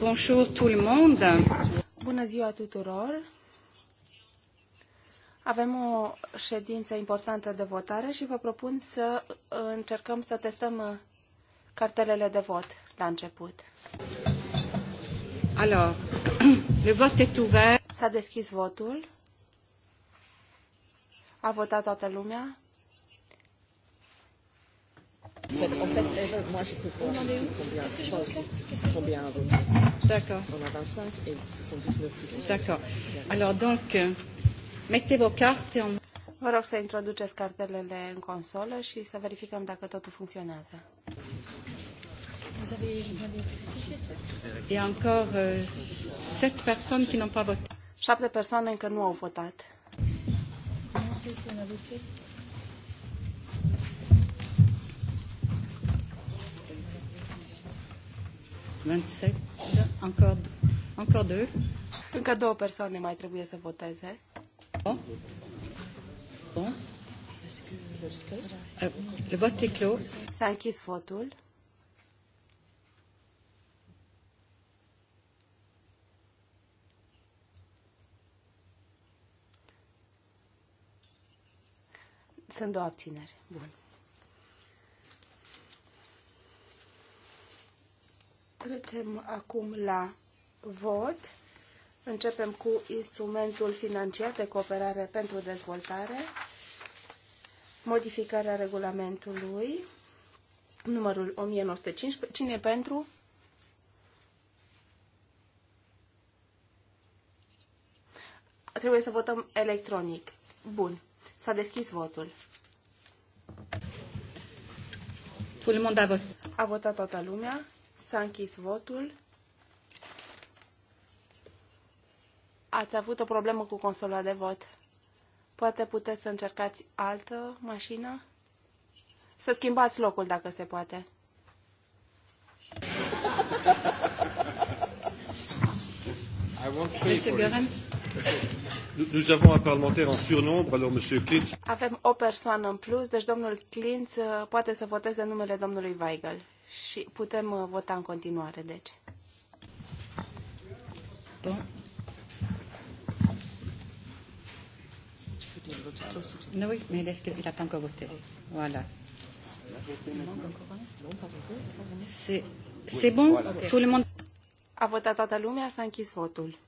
Bonjour tout le monde. Bună ziua tuturor. Avem o ședință importantă de votare și vă propun să încercăm să testăm uh, cartelele de vot la început. Alors, le vote est ouvert. S-a deschis votul. A votat toată lumea. En fait, en fait, moi, je peux voir combien, combien, combien D'accord. On a 25 et 79 qui sont. D'accord. Alors donc, euh, mettez vos cartes et on... Vă rog să introduceți cartelele în consolă și să verificăm dacă totul funcționează. Et encore euh, sept personnes qui n'ont pas voté. Șapte persoane încă nu au votat. Non, 27, da, encore, encore deux. Încă două persoane mai trebuie să voteze. Bon. Bon. Euh, le vot e clos. S-a închis votul. Sunt două abțineri. Bun. Trecem acum la vot. Începem cu instrumentul financiar de cooperare pentru dezvoltare, modificarea regulamentului, numărul 1915. Cine e pentru? Trebuie să votăm electronic. Bun. S-a deschis votul. Tout a votat toată lumea. S-a închis votul. Ați avut o problemă cu consola de vot. Poate puteți să încercați altă mașină? Să schimbați locul dacă se poate. Nous avons un parlementaire en surnombre, alors Monsieur Klintz. Avem o persoană în plus, deci domnul Klintz uh, poate să voteze numele domnului Weigel și putem uh, vota în continuare, deci. Da. Bun. No, oui, mais est-ce qu'il n'a pas encore Voilà. C'est bon okay. Tout le monde A votat toată lumea, s-a închis votul.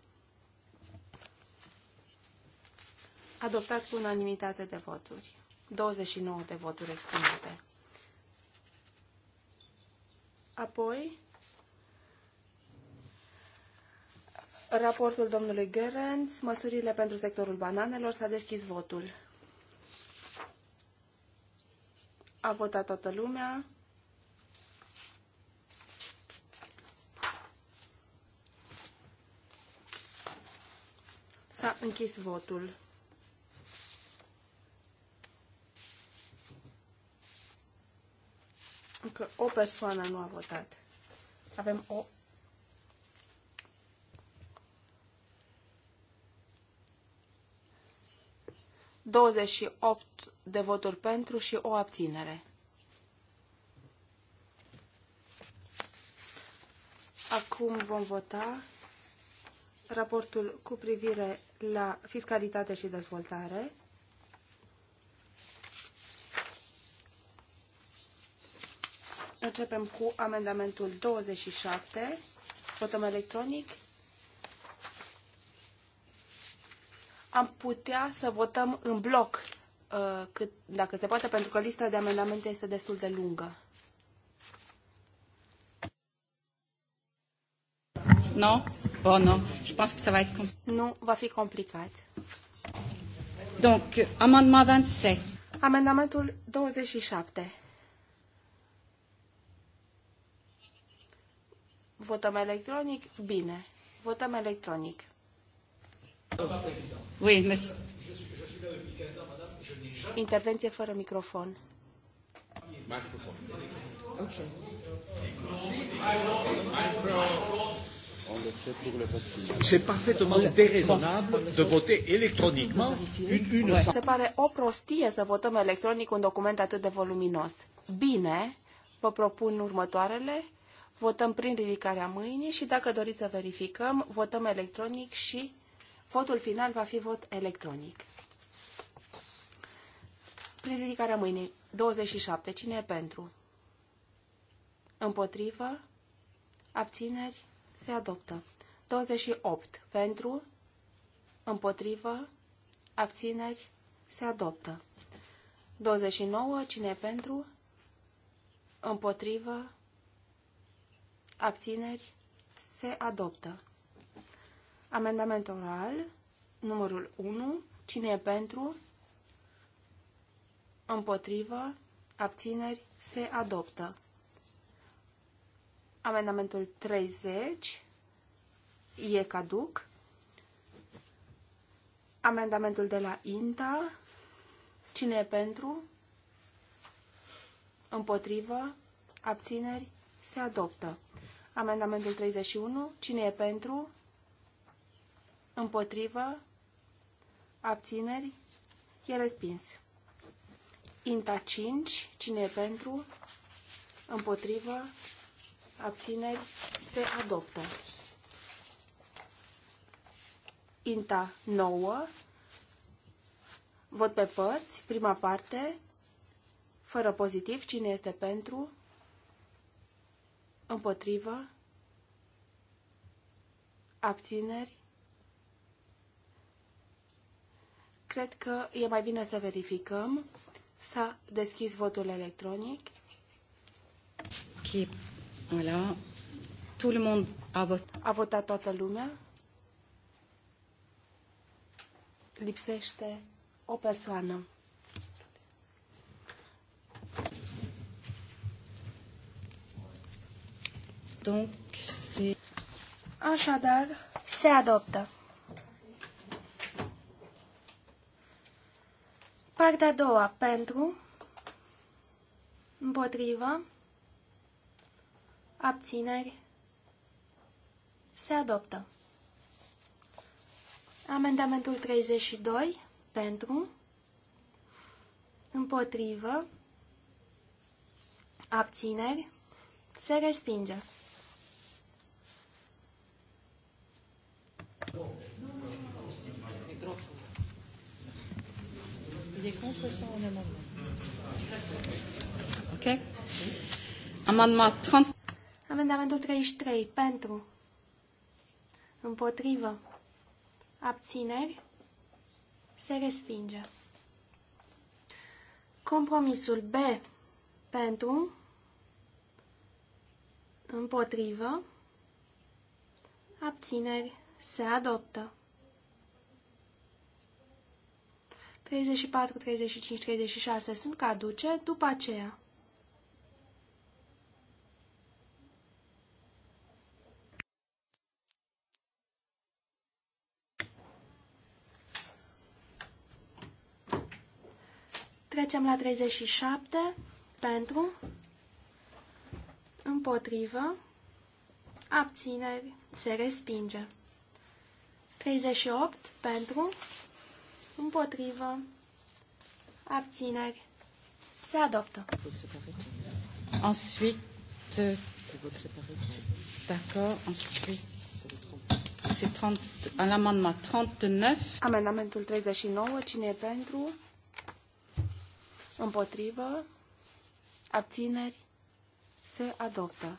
Adoptat cu unanimitate de voturi. 29 de voturi exprimate. Apoi, raportul domnului Gerenț, măsurile pentru sectorul bananelor, s-a deschis votul. A votat toată lumea. S-a închis votul. că o persoană nu a votat. Avem o douăzeci și opt de voturi pentru și o abținere. Acum vom vota raportul cu privire la fiscalitate și dezvoltare. Începem cu amendamentul 27. Votăm electronic. Am putea să votăm în bloc, uh, cât, dacă se poate, pentru că lista de amendamente este destul de lungă. Nu? Bon, oh, nu. Je pense que ça va être Nu, va fi complicat. Donc, amendement 27. Amendamentul 27. Votăm electronic? Bine. Votăm electronic. Oui, Intervenție fără microfon. Okay. C'est parfaitement déraisonnable de voter électroniquement une, une... Se pare o prostie să votăm electronic un document atât de voluminos. Bine, vă propun următoarele. Votăm prin ridicarea mâinii și dacă doriți să verificăm, votăm electronic și votul final va fi vot electronic. Prin ridicarea mâinii. 27. Cine e pentru? Împotrivă? Abțineri? Se adoptă. 28. Pentru? Împotrivă? Abțineri? Se adoptă. 29. Cine e pentru? Împotrivă? abțineri, se adoptă. Amendament oral, numărul 1, cine e pentru, împotrivă, abțineri, se adoptă. Amendamentul 30 e caduc. Amendamentul de la INTA, cine e pentru, împotrivă, abțineri, se adoptă. Amendamentul 31. Cine e pentru? Împotrivă? Abțineri? E respins. Inta 5. Cine e pentru? Împotrivă? Abțineri? Se adoptă. Inta 9. Vot pe părți. Prima parte. Fără pozitiv. Cine este pentru? împotrivă, abțineri. Cred că e mai bine să verificăm. S-a deschis votul electronic. Qui, voilà. Tout le monde a votat. A votat toată lumea. Lipsește o persoană. Donc, c'est... Așadar, se adoptă. Partea a doua, pentru, împotrivă, abțineri, se adoptă. Amendamentul 32, pentru, împotrivă, abțineri, se respinge. Il est contre son amendement. Ok. Amendement 30. Amendamentul 33. Pentru. Împotrivă. Abțineri. Se respinge. Compromisul B. Pentru. Împotrivă. Abțineri. Se adoptă. 34, 35, 36 sunt caduce, după aceea. Trecem la 37, pentru, împotrivă, abțineri, se respinge. 38, pentru, împotrivă, abțineri, se adoptă. Ensuite, d'accord, ensuite, c'est 30, à l'amendement 39. Amendamentul 39, cine e pentru? Împotrivă, abțineri, se adoptă.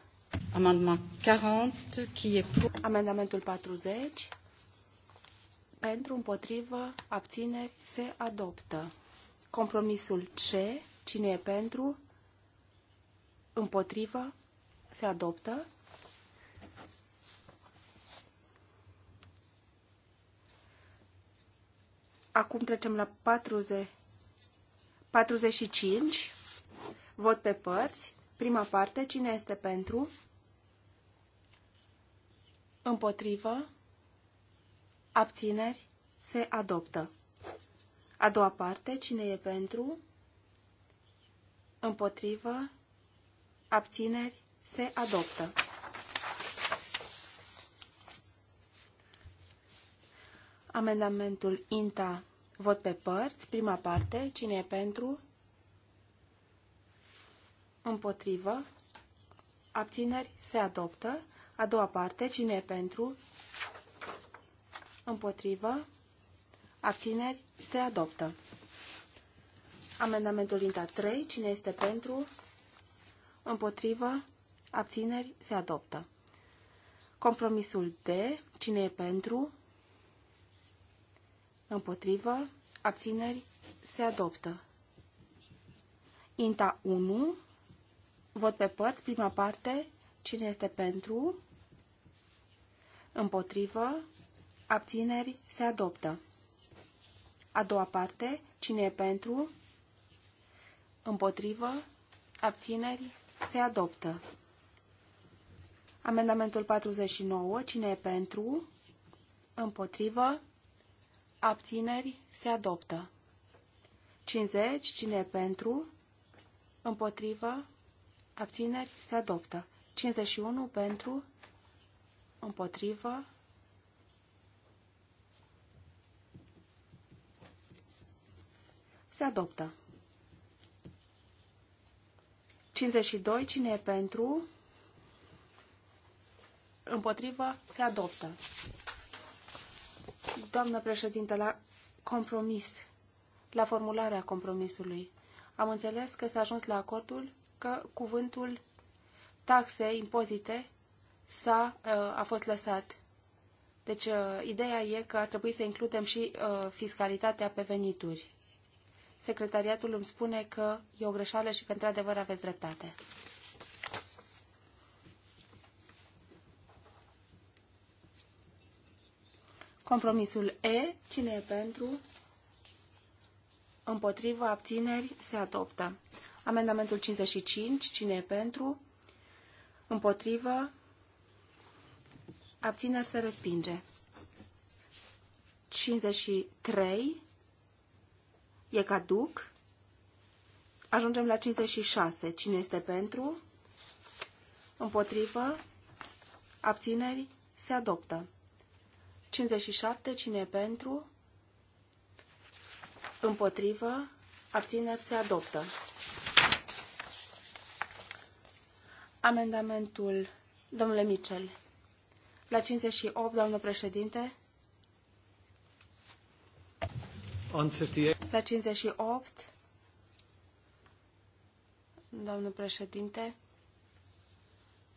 Amendement 40, qui est pour? Amendamentul 40, pentru, împotrivă, abțineri, se adoptă. Compromisul C, cine e pentru, împotrivă, se adoptă. Acum trecem la 40, 45, vot pe părți. Prima parte, cine este pentru? Împotrivă, abțineri, se adoptă. A doua parte, cine e pentru, împotrivă, abțineri, se adoptă. Amendamentul INTA, vot pe părți, prima parte, cine e pentru, împotrivă, abțineri, se adoptă. A doua parte, cine e pentru, împotrivă, abțineri, se adoptă. Amendamentul linta 3, cine este pentru, împotrivă, abțineri, se adoptă. Compromisul D, cine e pentru, împotrivă, abțineri, se adoptă. INTA 1, vot pe părți, prima parte, cine este pentru, împotrivă, abțineri, se adoptă. A doua parte, cine e pentru, împotrivă, abțineri, se adoptă. Amendamentul 49, cine e pentru, împotrivă, abțineri, se adoptă. 50, cine e pentru, împotrivă, abțineri, se adoptă. 51 pentru, împotrivă, Se adoptă. 52. Cine e pentru? Împotrivă? Se adoptă. Doamnă președinte, la compromis, la formularea compromisului, am înțeles că s-a ajuns la acordul că cuvântul taxe, impozite, s-a, uh, a fost lăsat. Deci, uh, ideea e că ar trebui să includem și uh, fiscalitatea pe venituri secretariatul îmi spune că e o greșeală și că într-adevăr aveți dreptate. Compromisul E, cine e pentru, împotriva, abțineri, se adoptă. Amendamentul 55, cine e pentru, împotriva, abțineri, se respinge. 53, e caduc. Ajungem la 56. Cine este pentru? Împotrivă? Abțineri? Se adoptă. 57. Cine e pentru? Împotrivă? Abțineri? Se adoptă. Amendamentul, domnule Mitchell. La 58, doamnă președinte, La 58, domnul președinte,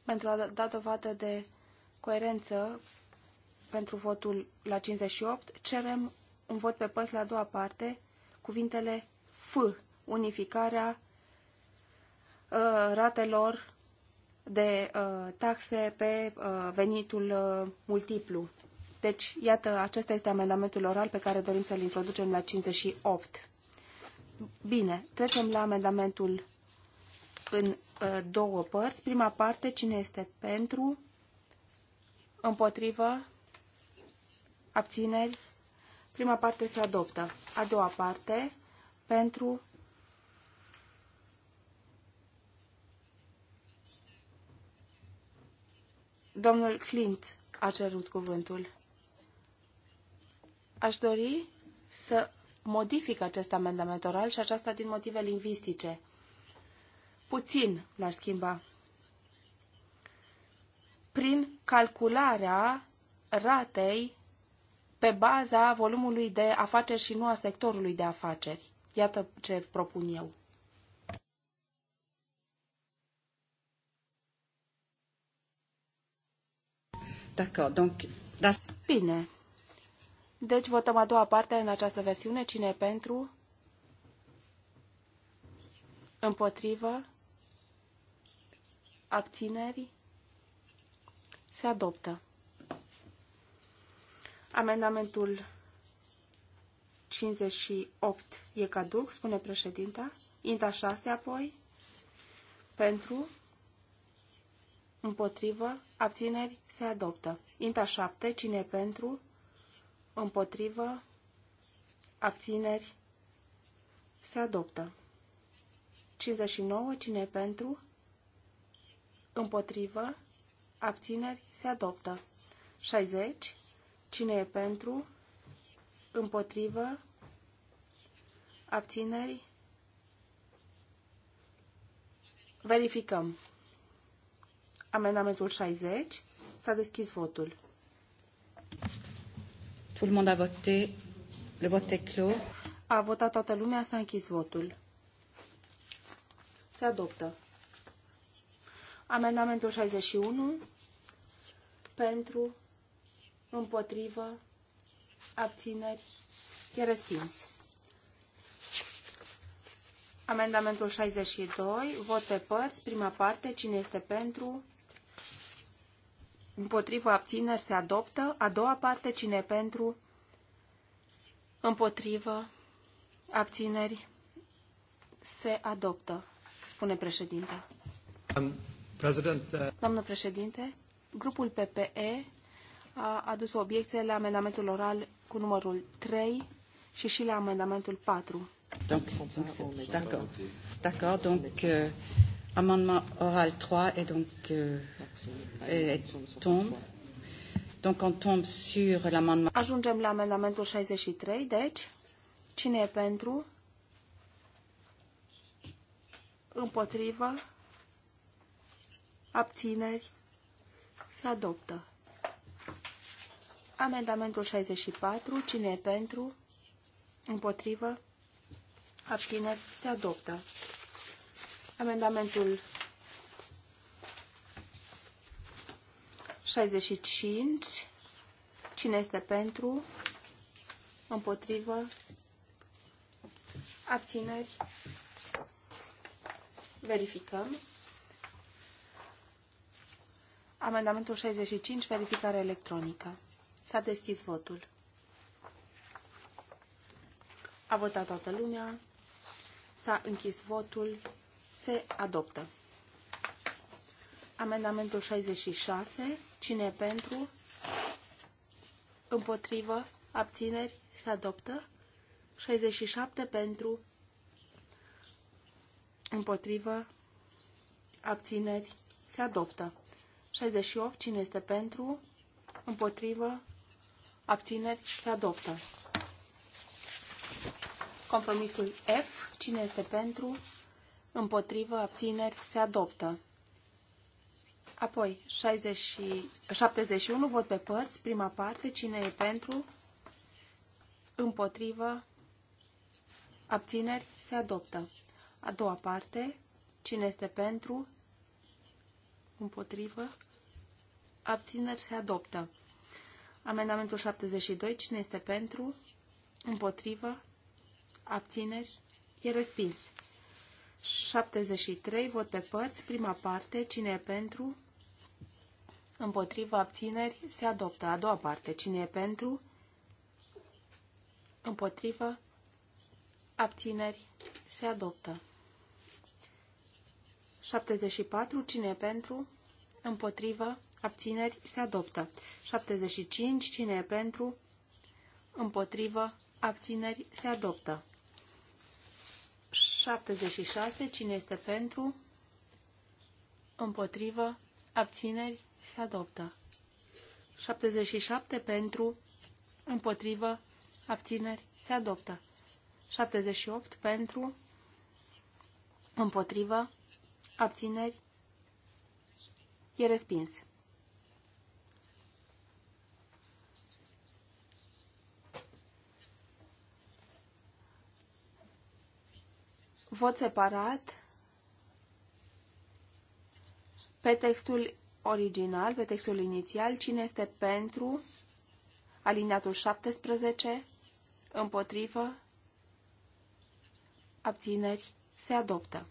pentru a da dovadă de coerență pentru votul la 58, cerem un vot pe păs la a doua parte, cuvintele F, unificarea uh, ratelor de uh, taxe pe uh, venitul multiplu. Deci, iată, acesta este amendamentul oral pe care dorim să-l introducem la 58. Bine, trecem la amendamentul în ă, două părți. Prima parte, cine este pentru, împotrivă, abțineri. Prima parte se adoptă. A doua parte, pentru, Domnul Clint a cerut cuvântul. Aș dori să modific acest amendament oral și aceasta din motive lingvistice. Puțin l-aș schimba. Prin calcularea ratei pe baza volumului de afaceri și nu a sectorului de afaceri. Iată ce propun eu. D'accord, donc... Da- Bine, deci votăm a doua parte în această versiune. Cine e pentru? Împotrivă? Abțineri? Se adoptă. Amendamentul 58 e caduc, spune președinta. Inta 6 apoi. Pentru? Împotrivă? Abțineri? Se adoptă. Inta 7. Cine e pentru? Pentru? împotrivă, abțineri, se adoptă. 59. Cine e pentru? Împotrivă, abțineri, se adoptă. 60. Cine e pentru? Împotrivă, abțineri, verificăm. Amendamentul 60. S-a deschis votul. Tout le monde a voté. Le vote est clos. A votat toată lumea, s-a închis votul. Se adoptă. Amendamentul 61 pentru, împotrivă, abțineri, e respins. Amendamentul 62, vot pe părți, prima parte, cine este pentru, împotrivă abțineri se adoptă, a doua parte cine pentru, împotrivă abțineri se adoptă, spune președinta. Um, Doamnă președinte, grupul PPE a adus obiecție la amendamentul oral cu numărul 3 și și la amendamentul 4. Donc, donc, d'accord. D'accord, donc euh, Amendement oral 3 est donc euh, est, tombe. Donc on tombe sur l'amendement. Ajungem la amendamentul 63, deci cine e pentru? Împotrivă? Abțineri? Se adoptă. Amendamentul 64, cine e pentru? Împotrivă? Abțineri? Se adoptă. Amendamentul 65. Cine este pentru? Împotrivă? Abțineri? Verificăm. Amendamentul 65, verificare electronică. S-a deschis votul. A votat toată lumea. S-a închis votul se adoptă. Amendamentul 66, cine e pentru, împotrivă, abțineri, se adoptă. 67 pentru, împotrivă, abțineri, se adoptă. 68, cine este pentru, împotrivă, abțineri, se adoptă. Compromisul F, cine este pentru, împotrivă, abțineri, se adoptă. Apoi, 60 și, 71, vot pe părți, prima parte, cine e pentru, împotrivă, abțineri, se adoptă. A doua parte, cine este pentru, împotrivă, abțineri, se adoptă. Amendamentul 72, cine este pentru, împotrivă, abțineri, e respins. 73, vot pe părți, prima parte, cine e pentru, împotriva abțineri, se adoptă. A doua parte, cine e pentru, împotriva abțineri, se adoptă. 74, cine e pentru, împotriva abțineri, se adoptă. 75, cine e pentru, împotriva abțineri, se adoptă. 76. Cine este pentru? Împotrivă. Abțineri. Se adoptă. 77. Pentru. Împotrivă. Abțineri. Se adoptă. 78. Pentru. Împotrivă. Abțineri. E respins. Vot separat pe textul original, pe textul inițial, cine este pentru alineatul 17, împotrivă, abțineri, se adoptă.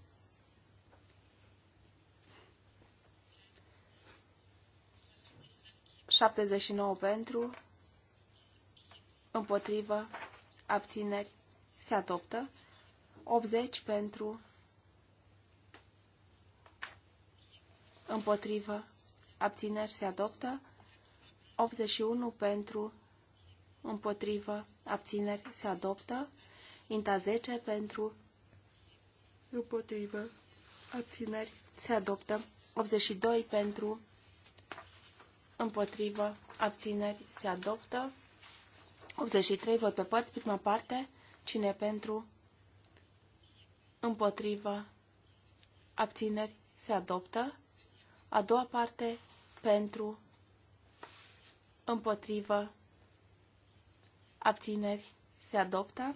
Șaptezeci nouă pentru, împotrivă, abțineri, se adoptă. 80 pentru împotrivă, abțineri se adoptă, 81 pentru împotrivă, abțineri se adoptă, inta 10 pentru împotrivă, abțineri se adoptă, 82 pentru împotrivă, abțineri se adoptă, 83 vot pe părți, prima parte, cine pentru împotriva, abțineri, se adoptă. A doua parte, pentru, împotrivă, abțineri, se adoptă.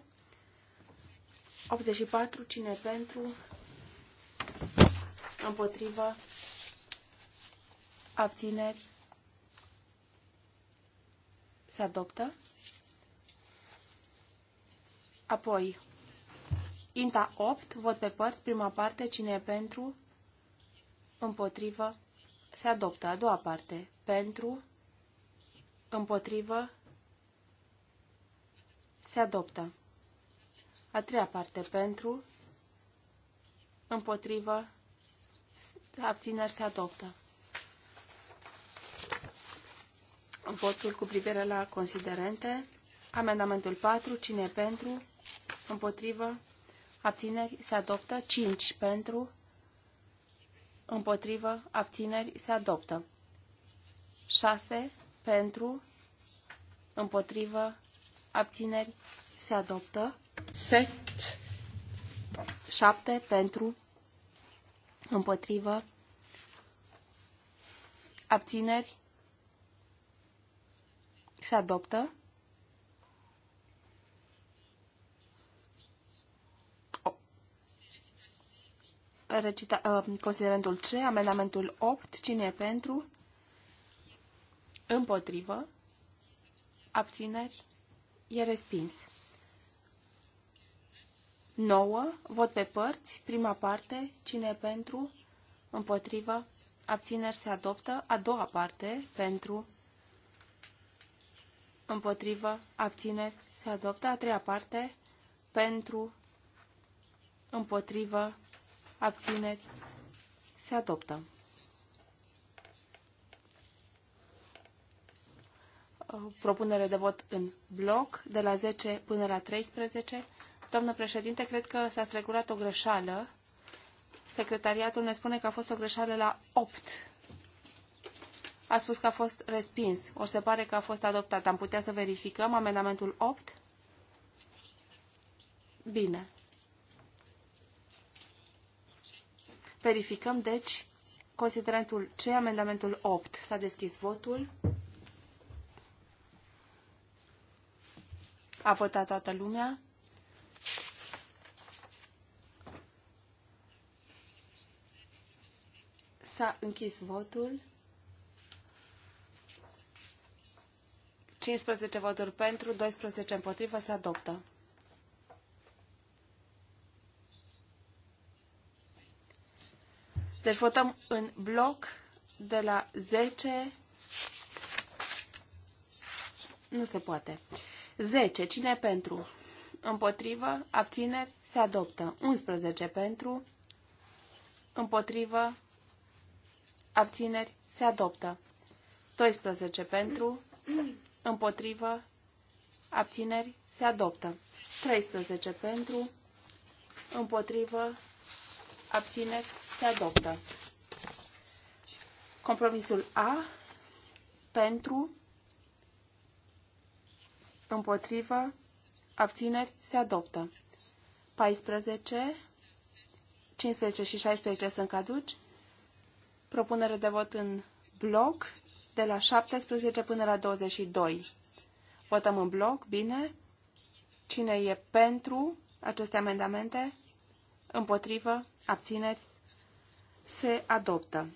84, cine pentru, împotrivă, abțineri, se adoptă. Apoi, Inta 8, vot pe părți, prima parte, cine e pentru, împotrivă, se adoptă. A doua parte, pentru, împotrivă, se adoptă. A treia parte, pentru, împotrivă, abțineri se adoptă. Votul cu privire la considerente. Amendamentul 4. Cine e pentru? Împotrivă? abțineri se adoptă, 5 pentru, împotrivă, abțineri se adoptă, 6 pentru, împotrivă, abțineri se adoptă, 7, 7 pentru, împotrivă, abțineri se adoptă, recita, uh, considerentul C, amendamentul 8, cine e pentru, împotrivă, abțineri, e respins. 9. Vot pe părți, prima parte, cine e pentru, împotrivă, abțineri se adoptă, a doua parte, pentru, împotrivă, abțineri se adoptă, a treia parte, pentru, împotrivă, abțineri, se adoptă. Uh, propunere de vot în bloc, de la 10 până la 13. Doamnă președinte, cred că s-a strecurat o greșeală. Secretariatul ne spune că a fost o greșeală la 8. A spus că a fost respins. O se pare că a fost adoptat. Am putea să verificăm amendamentul 8? Bine. Verificăm, deci, considerentul C, amendamentul 8. S-a deschis votul. A votat toată lumea. S-a închis votul. 15 voturi pentru, 12 împotrivă, se adoptă. Deci votăm în bloc de la 10. Nu se poate. 10. Cine pentru? Împotrivă. Abțineri. Se adoptă. 11 pentru. Împotrivă. Abțineri. Se adoptă. 12 pentru. Împotrivă. Abțineri. Se adoptă. 13 pentru. Împotrivă. Abțineri se adoptă. Compromisul A pentru, împotrivă, abțineri se adoptă. 14, 15 și 16 sunt caduci. Propunere de vot în bloc de la 17 până la 22. Votăm în bloc, bine. Cine e pentru aceste amendamente? Împotrivă? Abțineri? se adoptă.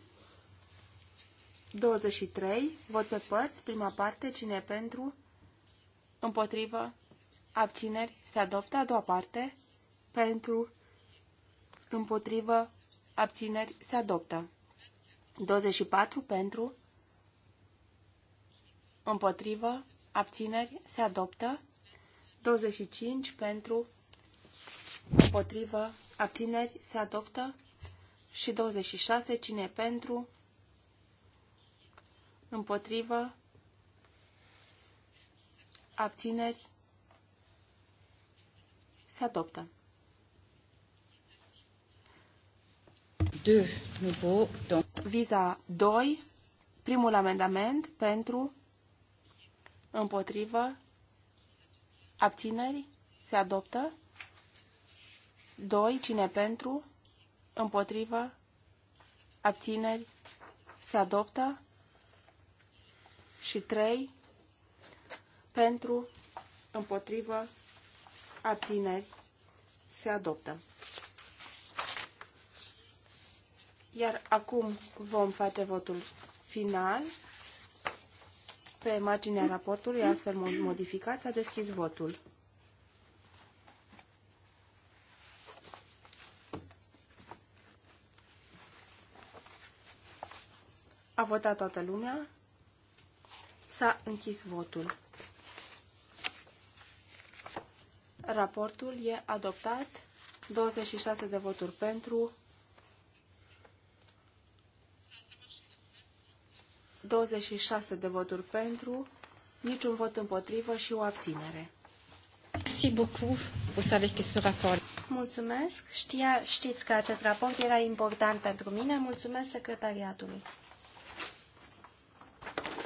23. Vot pe părți. Prima parte. Cine e pentru? Împotrivă. Abțineri. Se adoptă. A doua parte. Pentru. Împotrivă. Abțineri. Se adoptă. 24. Pentru. Împotrivă. Abțineri. Se adoptă. 25. Pentru. Împotrivă. Abțineri. Se adoptă și 26. Cine pentru? Împotrivă? Abțineri? Se adoptă. 2. Viza 2. Primul amendament pentru împotrivă abțineri se adoptă. 2. Cine pentru Împotrivă? Abțineri? Se adoptă? Și 3. Pentru? Împotrivă? Abțineri? Se adoptă. Iar acum vom face votul final pe marginea raportului, astfel modificat, s-a deschis votul. votat toată lumea. S-a închis votul. Raportul e adoptat. 26 de voturi pentru, 26 de voturi pentru, niciun vot împotrivă și o abținere. Merci beaucoup. Vous savez que ce rapport... Mulțumesc. Știa, știți că acest raport era important pentru mine. Mulțumesc secretariatului.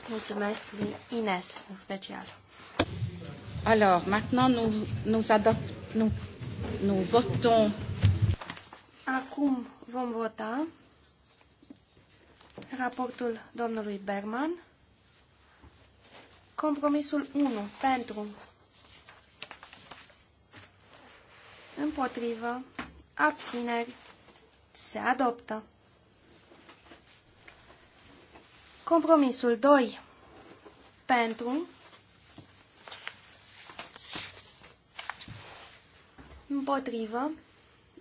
Mulțumesc lui Ines, în special. Alors, maintenant, nous, nous, nous, nous votons. Acum vom vota raportul domnului Berman. Compromisul 1 pentru împotrivă abțineri se adoptă. Compromisul 2 pentru împotrivă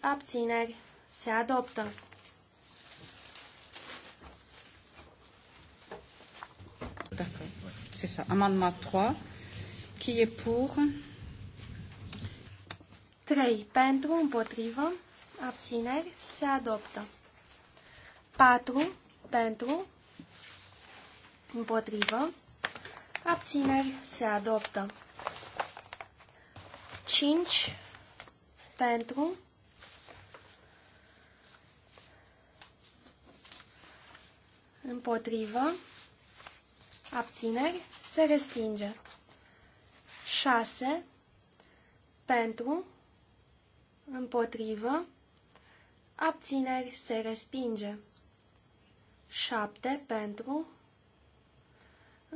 abțineri se adoptă. D'accord. C'est ça. Amendement 3. Qui est pour 3. Pentru, împotrivă, abțineri, se adoptă. 4. Pentru, Împotrivă. Abțineri se adoptă. 5 pentru. Împotrivă. Abțineri se respinge. 6 pentru. Împotrivă. Abțineri se respinge. 7 pentru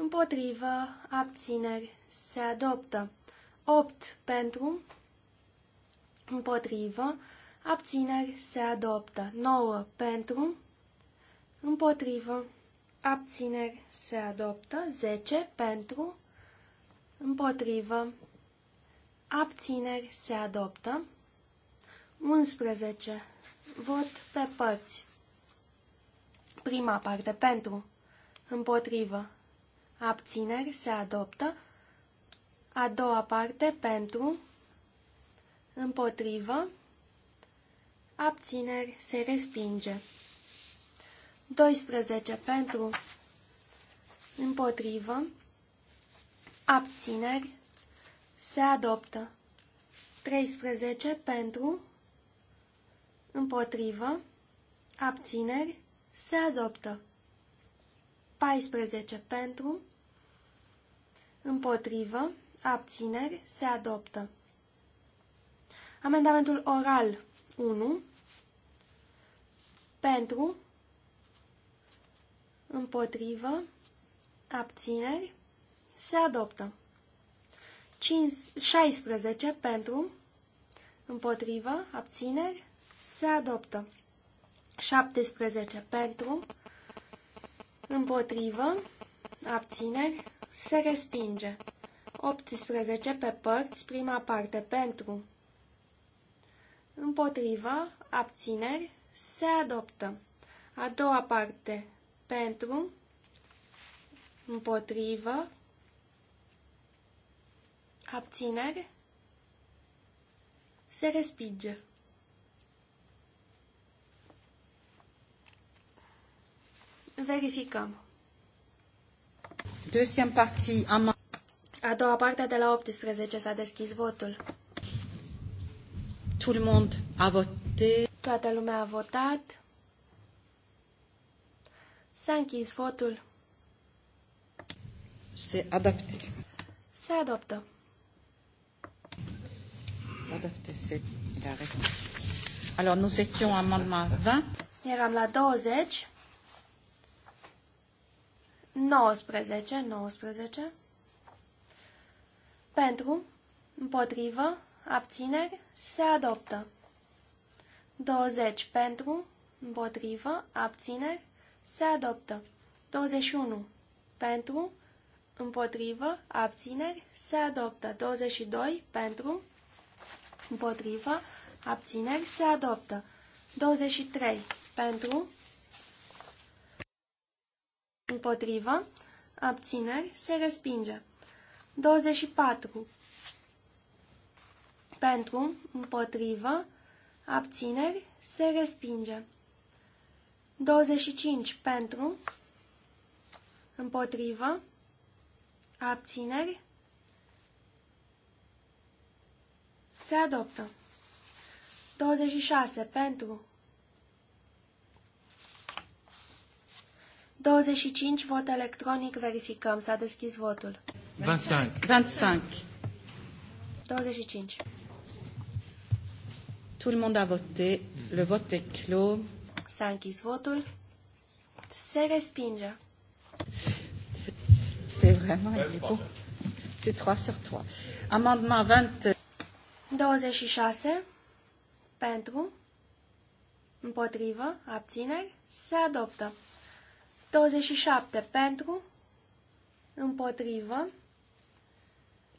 Împotrivă, abțineri, se adoptă. 8 pentru, împotrivă, abțineri, se adoptă. 9 pentru, împotrivă, abțineri, se adoptă. 10 pentru, împotrivă, abțineri, se adoptă. 11. Vot pe părți. Prima parte pentru, împotrivă, abțineri se adoptă. A doua parte pentru, împotrivă, abțineri se respinge. 12 pentru, împotrivă, abțineri se adoptă. 13 pentru, împotrivă, abțineri se adoptă. 14 pentru, Împotrivă. Abțineri. Se adoptă. Amendamentul oral 1. Pentru. Împotrivă. Abțineri. Se adoptă. 5, 16 pentru. Împotrivă. Abțineri. Se adoptă. 17 pentru. Împotrivă. Abțineri se respinge. 18 pe părți, prima parte pentru, împotrivă, abțineri, se adoptă. A doua parte pentru, împotrivă, abțineri, se respinge. Verificăm. Deuxième partie, am... A doua parte de la 18 s-a deschis votul. Tout le monde a voté. Toată lumea a votat. S-a închis votul. Se adapte. Se adoptă. Adapte, c'est la raison. Alors, nous étions à amendement 20. Eram la 20. 19, 19. Pentru, împotrivă, abțineri, se adoptă. 20 pentru, împotrivă, abțineri, se adoptă. 21 pentru, împotrivă, abțineri, se adoptă. 22 pentru, împotrivă, abțineri, se adoptă. 23 pentru, Împotrivă. Abțineri. Se respinge. 24. Pentru. Împotrivă. Abțineri. Se respinge. 25. Pentru. Împotrivă. Abțineri. Se adoptă. 26. Pentru. 25 vot electronic, verificăm. S-a deschis votul. 25. 25. 25. Tout le monde a voté. Le vote est clos. S-a închis votul. Se respinge. C'est vraiment, il est C'est 3 sur 3. Amendement 20. 26. Pentru. Împotrivă. Abțineri. Se adoptă. 27 pentru, împotrivă,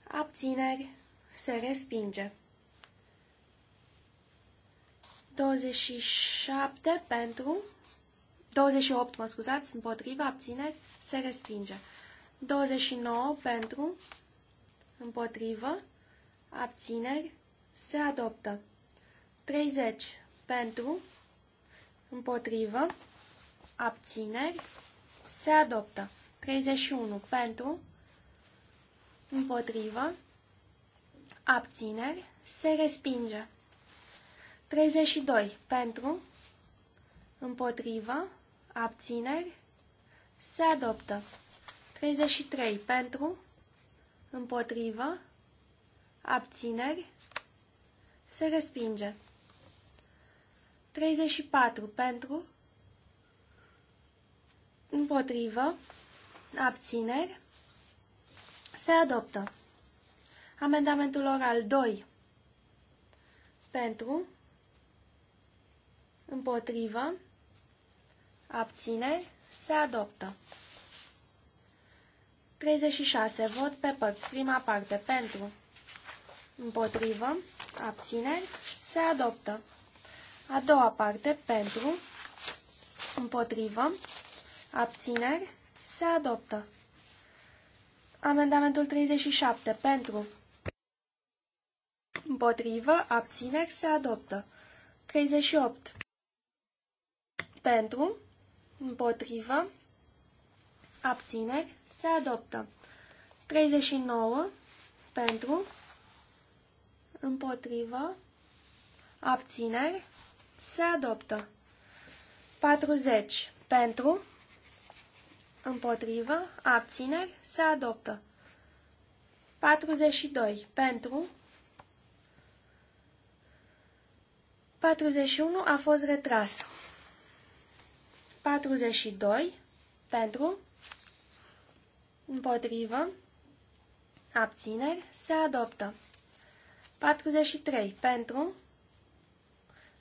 abțineri, se respinge. 27 pentru, 28, mă scuzați, împotriva, abțineri, se respinge. 29 pentru, împotrivă, abțineri, se adoptă. 30 pentru, împotrivă, abțineri, se adoptă. 31 pentru, împotrivă, abțineri, se respinge. 32 pentru, împotrivă, abțineri, se adoptă. 33 pentru, împotrivă, abțineri, se respinge. 34 pentru, Împotrivă. Abțineri. Se adoptă. Amendamentul oral 2. Pentru. Împotrivă. Abțineri. Se adoptă. 36. Vot pe părți. Prima parte. Pentru. Împotrivă. Abțineri. Se adoptă. A doua parte. Pentru. Împotrivă. Abțineri? Se adoptă. Amendamentul 37. Pentru. Împotrivă. Abțineri? Se adoptă. 38. Pentru. Împotrivă. Abțineri? Se adoptă. 39. Pentru. Împotrivă. Abțineri? Se adoptă. 40. Pentru împotrivă, abțineri, se adoptă. 42. Pentru. 41 a fost retras. 42. Pentru. Împotrivă. Abțineri. Se adoptă. 43. Pentru.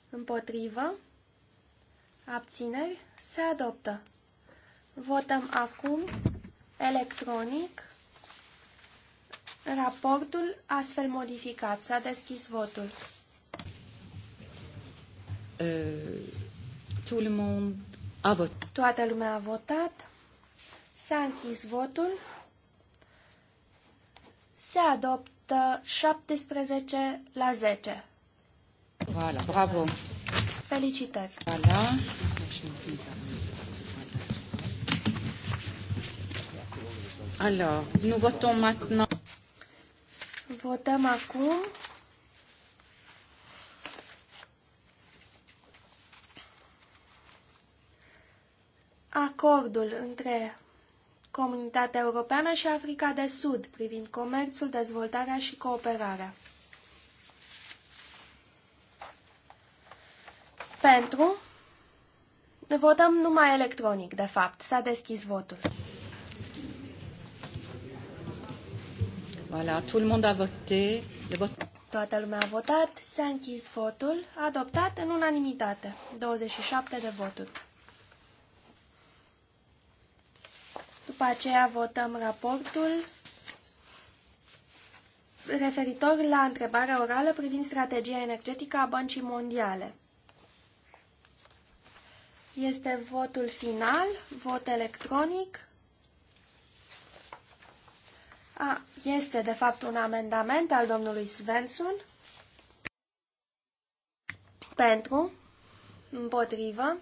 Împotrivă. Abțineri. Se adoptă. Votăm acum electronic raportul astfel modificat. S-a deschis votul. Uh, tout a Toată lumea a votat. S-a închis votul. Se adoptă 17 la 10. Voilà, bravo. Felicitări. Voilà. Alors, nous votons maintenant. Votăm acum acordul între Comunitatea Europeană și Africa de Sud privind comerțul, dezvoltarea și cooperarea. Pentru. Votăm numai electronic, de fapt. S-a deschis votul. Voilà, tout le monde a voté. Le Toată lumea a votat, s-a închis votul, adoptat în unanimitate. 27 de voturi. După aceea votăm raportul referitor la întrebarea orală privind strategia energetică a Băncii Mondiale. Este votul final, vot electronic. A, este de fapt un amendament al domnului Svensson pentru, împotrivă,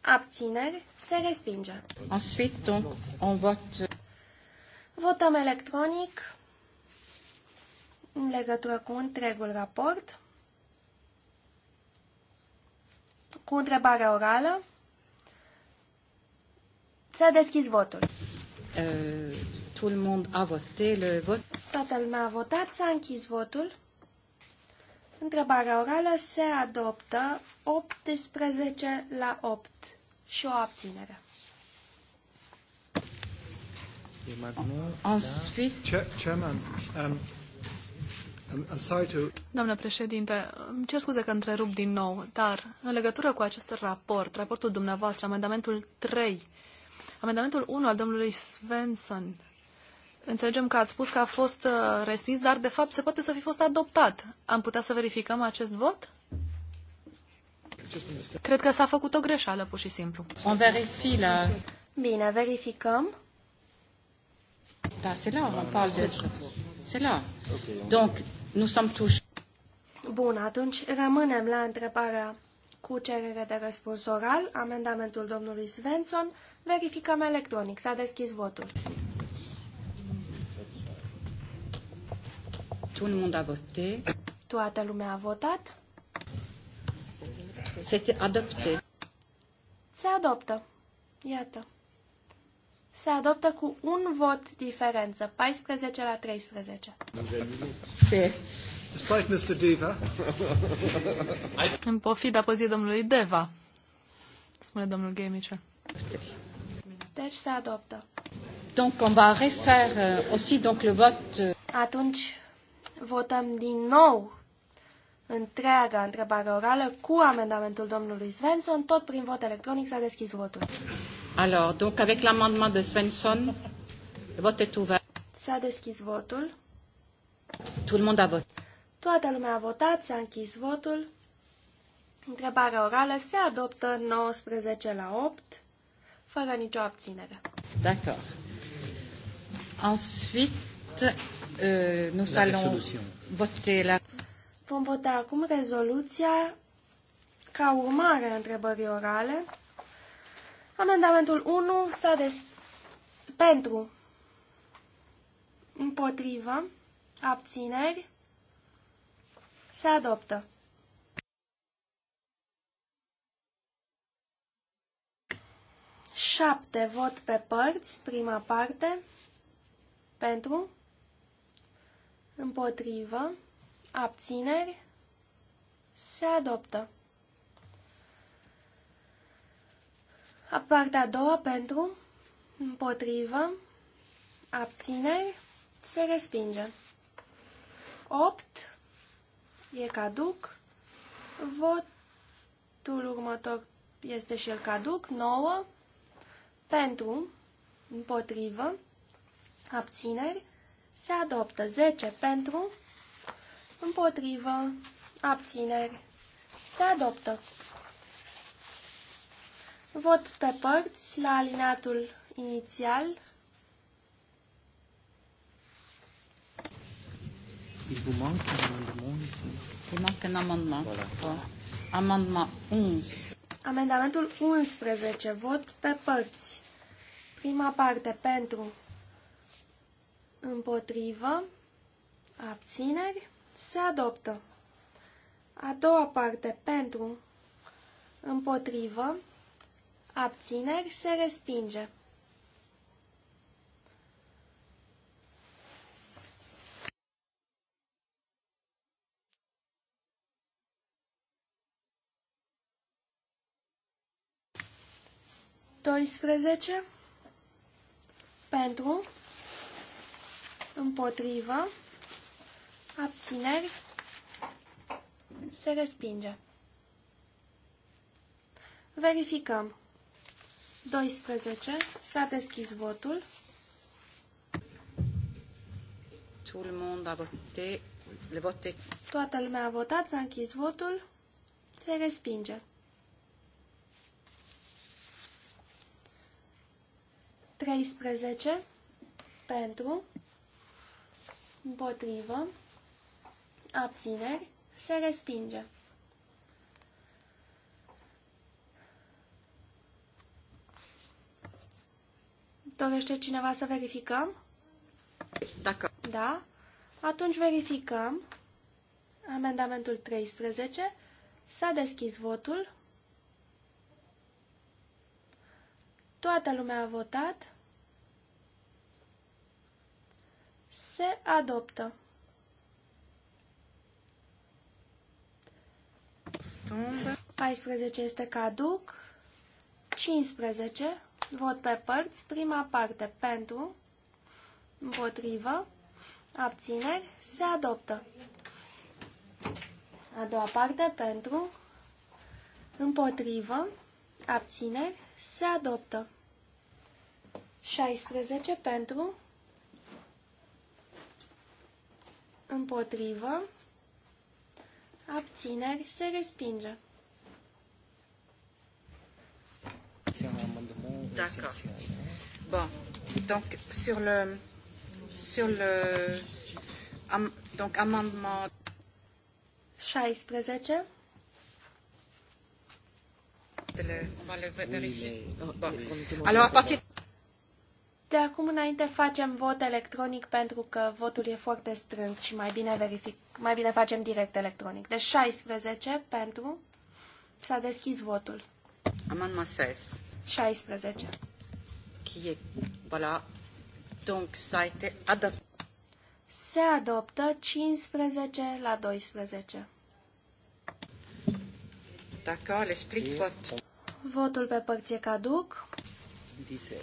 abțineri, se respinge. Ensuite, on, vote... Votăm electronic în legătură cu întregul raport, cu întrebarea orală. S-a deschis votul. Uh... Tout le monde a voté le vote. Toată lumea a votat, s-a închis votul. Întrebarea orală se adoptă 18 la 8 și o abținere. Ensuite... Chairman, um, I'm sorry to... președinte, îmi cer scuze că întrerup din nou, dar în legătură cu acest raport, raportul dumneavoastră, amendamentul 3, amendamentul 1 al domnului Svensson, Înțelegem că ați spus că a fost uh, respins, dar de fapt se poate să fi fost adoptat. Am putea să verificăm acest vot? Cred că s-a făcut o greșeală, pur și simplu. On verifie la... Bine, verificăm. Da, se la, on parle de... C'est là. Donc, nous sommes tous... Bun, atunci rămânem la întrebarea cu cerere de răspuns oral, amendamentul domnului Svensson. Verificăm electronic. S-a deschis votul. Tout le monde a voté. Toată lumea a votat. Se adopte. Se adoptă. Iată. Se adoptă cu un vot diferență, 14 la 13. Se. Despite Mr. Deva. În pofida păzii domnului Deva, spune domnul Gamicher. Deci se adoptă. Donc on va refaire euh, aussi donc le vote. Euh, Atunci votăm din nou întreaga întrebare orală cu amendamentul domnului Svensson. Tot prin vot electronic s-a deschis votul. Alors, donc avec l'amendement de Svensson, le vote est ouvert. S-a deschis votul. Tout le monde a voté. Toată lumea a votat, s-a închis votul. Întrebarea orală se adoptă 19 la 8, fără nicio abținere. D'accord. Ensuite, vote. Euh, nous la allons résolution. voter la... Vom vota acum rezoluția ca urmare a întrebării orale. Amendamentul 1 s-a des... pentru împotrivă abțineri se adoptă. Șapte vot pe părți, prima parte, pentru, împotrivă, abțineri, se adoptă. Partea a doua pentru, împotrivă, abțineri, se respinge. 8 e caduc, votul următor este și el caduc, 9 pentru, împotrivă, abțineri, se adoptă 10 pentru, împotrivă, abțineri, se adoptă. Vot pe părți la alineatul inițial. Il vous manque un amendement Il manque un amendement. Voilà. Da. Amendement 11. Amendamentul 11. Vot pe părți. Prima parte pentru împotrivă, abțineri, se adoptă. A doua parte, pentru, împotrivă, abțineri, se respinge. Doisprezece, pentru, împotrivă, abțineri, se respinge. Verificăm. 12. S-a deschis votul. Tout le monde a voté. Le voté. Toată lumea a votat, s-a închis votul. Se respinge. 13 pentru împotrivă, abțineri, se respinge. Dorește cineva să verificăm? Dacă. Da? Atunci verificăm. Amendamentul 13. S-a deschis votul. Toată lumea a votat. se adoptă. Stumbă. 14 este caduc. 15. Vot pe părți. Prima parte pentru. Împotrivă. Abțineri. Se adoptă. A doua parte pentru. Împotrivă. Abțineri. Se adoptă. 16 pentru. împotrivă, abțineri, se respinge. D'accord. Bon, donc sur le sur le am, donc amendement 16 le, on va le vérifier. Oui, pe ah, bon. Alors, à partir... De acum înainte facem vot electronic pentru că votul e foarte strâns și mai bine, verific, mai bine facem direct electronic. Deci 16 pentru. S-a deschis votul. Amendement 16. 16. Qui est, voilà. Donc ça a été Se adoptă 15 la 12. D'accord, l'explique vot. Votul pe părție caduc. 17.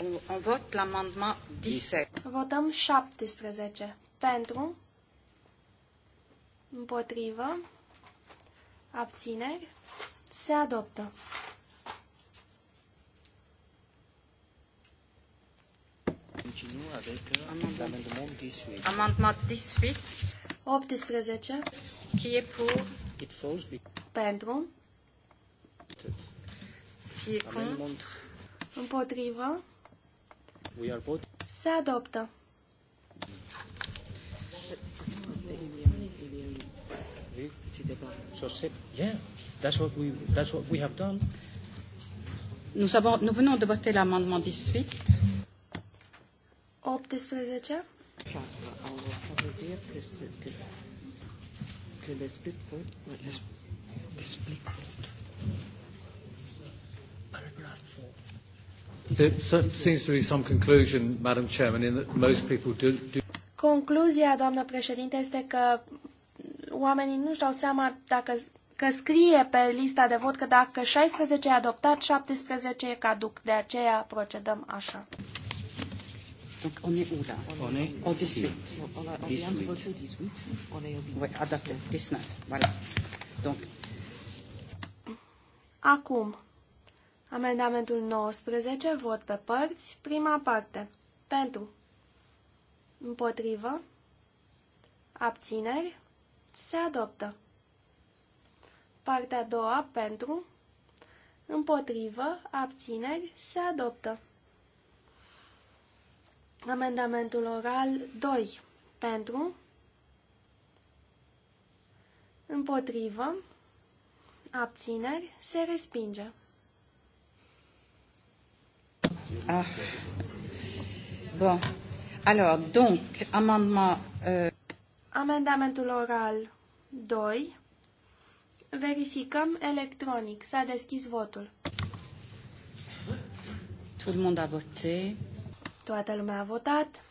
On, vote l'amendement 17. Votăm 17. Pentru. Împotrivă. Abțineri. Se adoptă. Continuăm avec euh, l'amendement 18. Amendement 18. 18. Qui est pour? It falls. Pentru. Qui est contre? Împotrivă. Se adoptă. So, yeah, that's what we, that's what we have done. Nous, venons de voter l'amendement 18. 18. Le vote. vote. seems to be some conclusion, Madam Chairman, in that most people do, do... Concluzia, doamnă președinte, este că oamenii nu-și dau seama dacă, că scrie pe lista de vot că dacă 16 e adoptat, 17 e caduc. De aceea procedăm așa. Donc on est où là On est 18. on vient de voter 18, on est au 18. Oui, adapté, 19, voilà. Donc... Acum, Amendamentul 19, vot pe părți, prima parte. Pentru. Împotrivă. Abțineri. Se adoptă. Partea a doua, pentru. Împotrivă. Abțineri. Se adoptă. Amendamentul oral 2. Pentru. Împotrivă. Abțineri. Se respinge. Ah. Bon. Alors, donc, amendement... Euh... Amendamentul oral 2. Verificăm electronic. S-a deschis votul. Tout le monde a voté. Toată lumea a votat.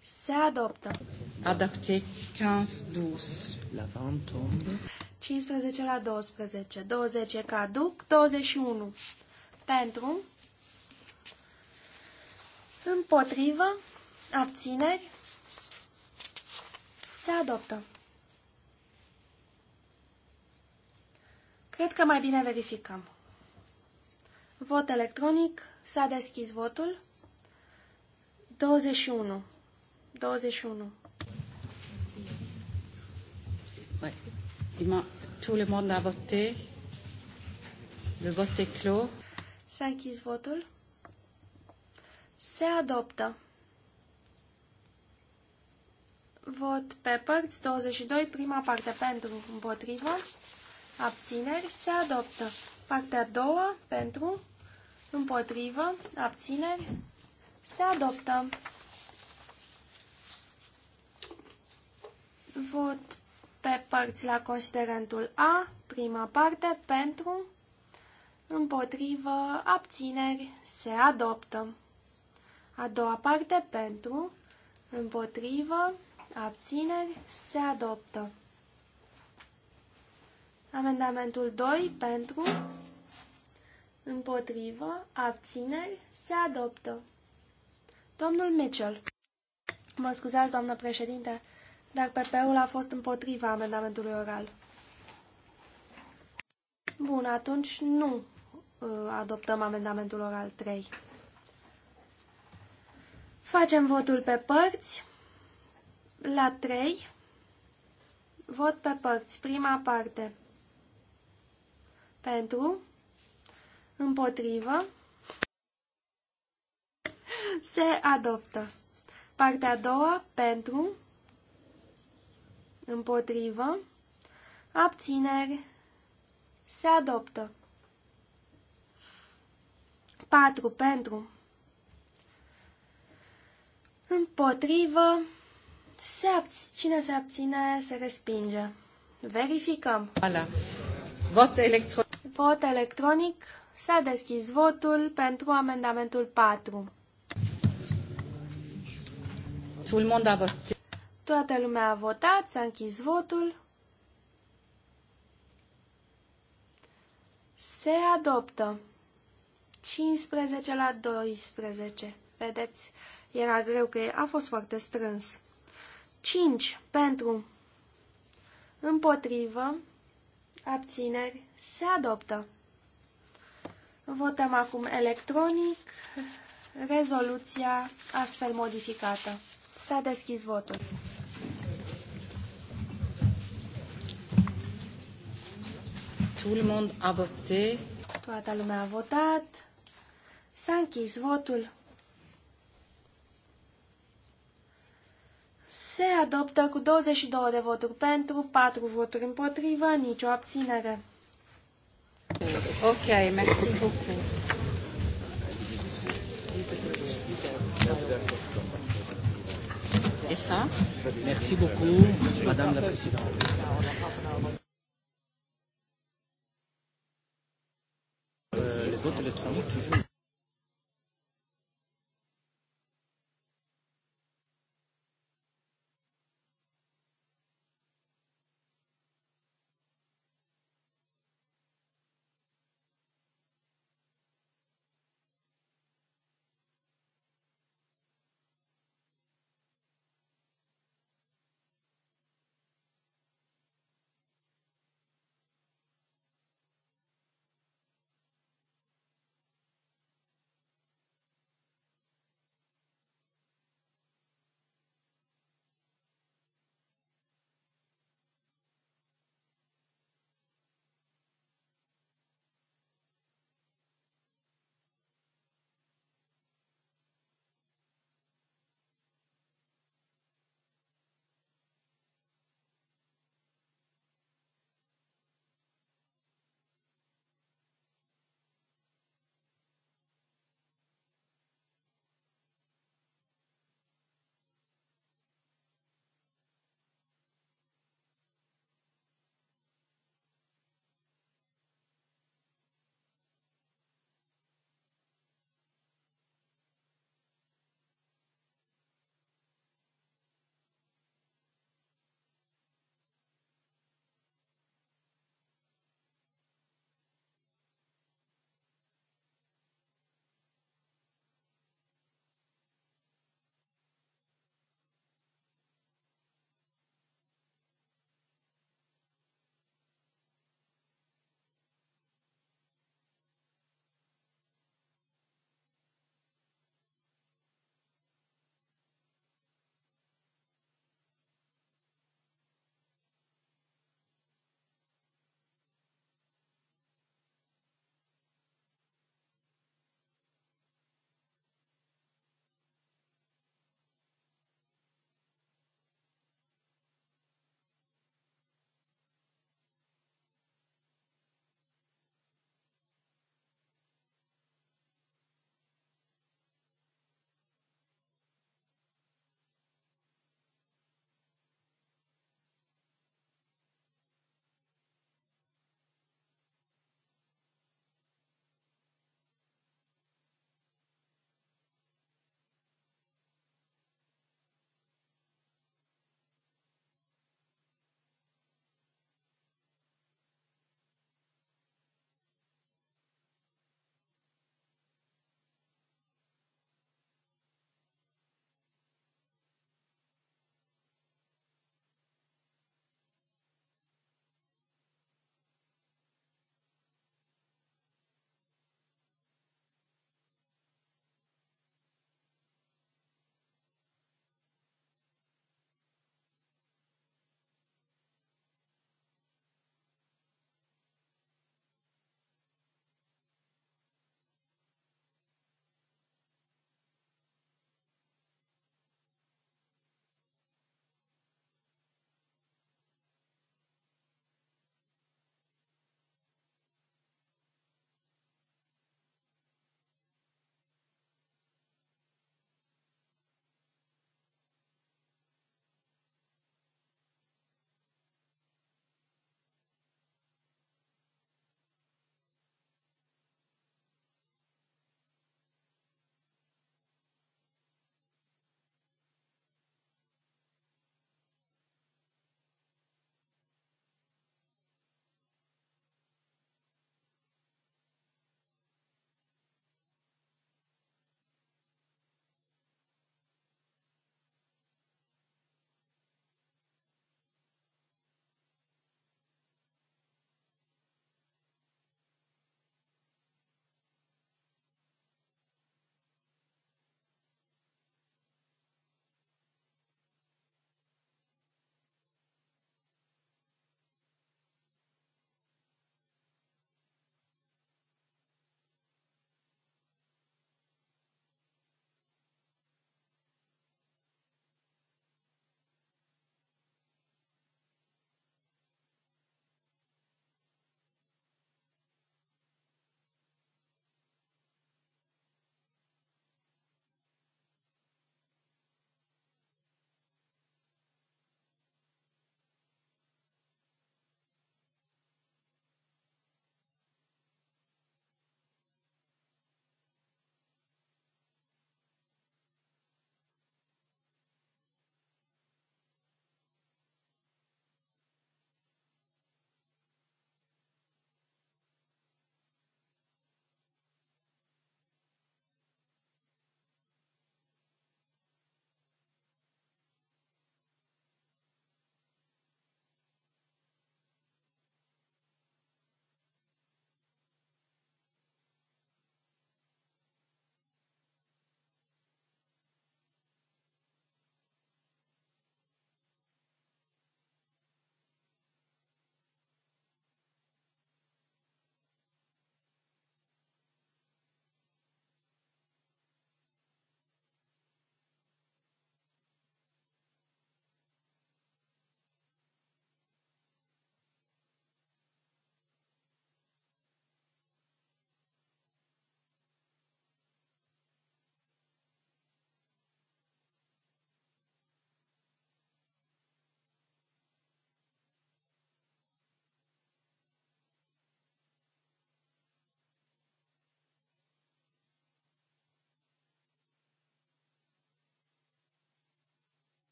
Se adoptă. Adapté 15-12. La 20 15 la 12. 20 e caduc, 21. Pentru. Împotrivă. Abțineri. Se adoptă. Cred că mai bine verificăm. Vot electronic. S-a deschis votul. 21. 21. Ouais. Tout le monde a voté. Le vote est clos. S-a închis votul. Se adoptă. Vot pe părți 22, prima parte pentru, împotrivă, abțineri, se adoptă. Partea a doua, pentru, împotrivă, abțineri, se adoptă. Vot pe părți la considerentul A, prima parte, pentru, împotrivă, abțineri, se adoptă. A doua parte pentru, împotrivă, abțineri, se adoptă. Amendamentul 2 pentru, împotrivă, abțineri, se adoptă. Domnul Mitchell. Mă scuzați, doamnă președinte, dar PP-ul a fost împotriva amendamentului oral. Bun, atunci nu Uh, adoptăm amendamentul oral 3. Facem votul pe părți. La 3, vot pe părți. Prima parte. Pentru, împotrivă, se adoptă. Partea a doua, pentru, împotrivă, abțineri, se adoptă. 4 pentru. Împotrivă. Se Cine se abține, se respinge. Verificăm. Ala. Vot electronic. Vot electronic. S-a deschis votul pentru amendamentul 4. Tout le monde a voté. Toată lumea a votat, s-a închis votul. Se adoptă. 15 la 12. Vedeți, era greu că a fost foarte strâns. 5 pentru împotrivă abțineri se adoptă. Votăm acum electronic rezoluția astfel modificată. S-a deschis votul. Tout le monde a voté. Toată lumea a votat. S-a închis votul. Se adoptă cu 22 de voturi pentru, 4 voturi împotrivă, nicio abținere. Ok, mersi beaucoup. Et ça Merci beaucoup, Madame la Présidente. Euh, toujours.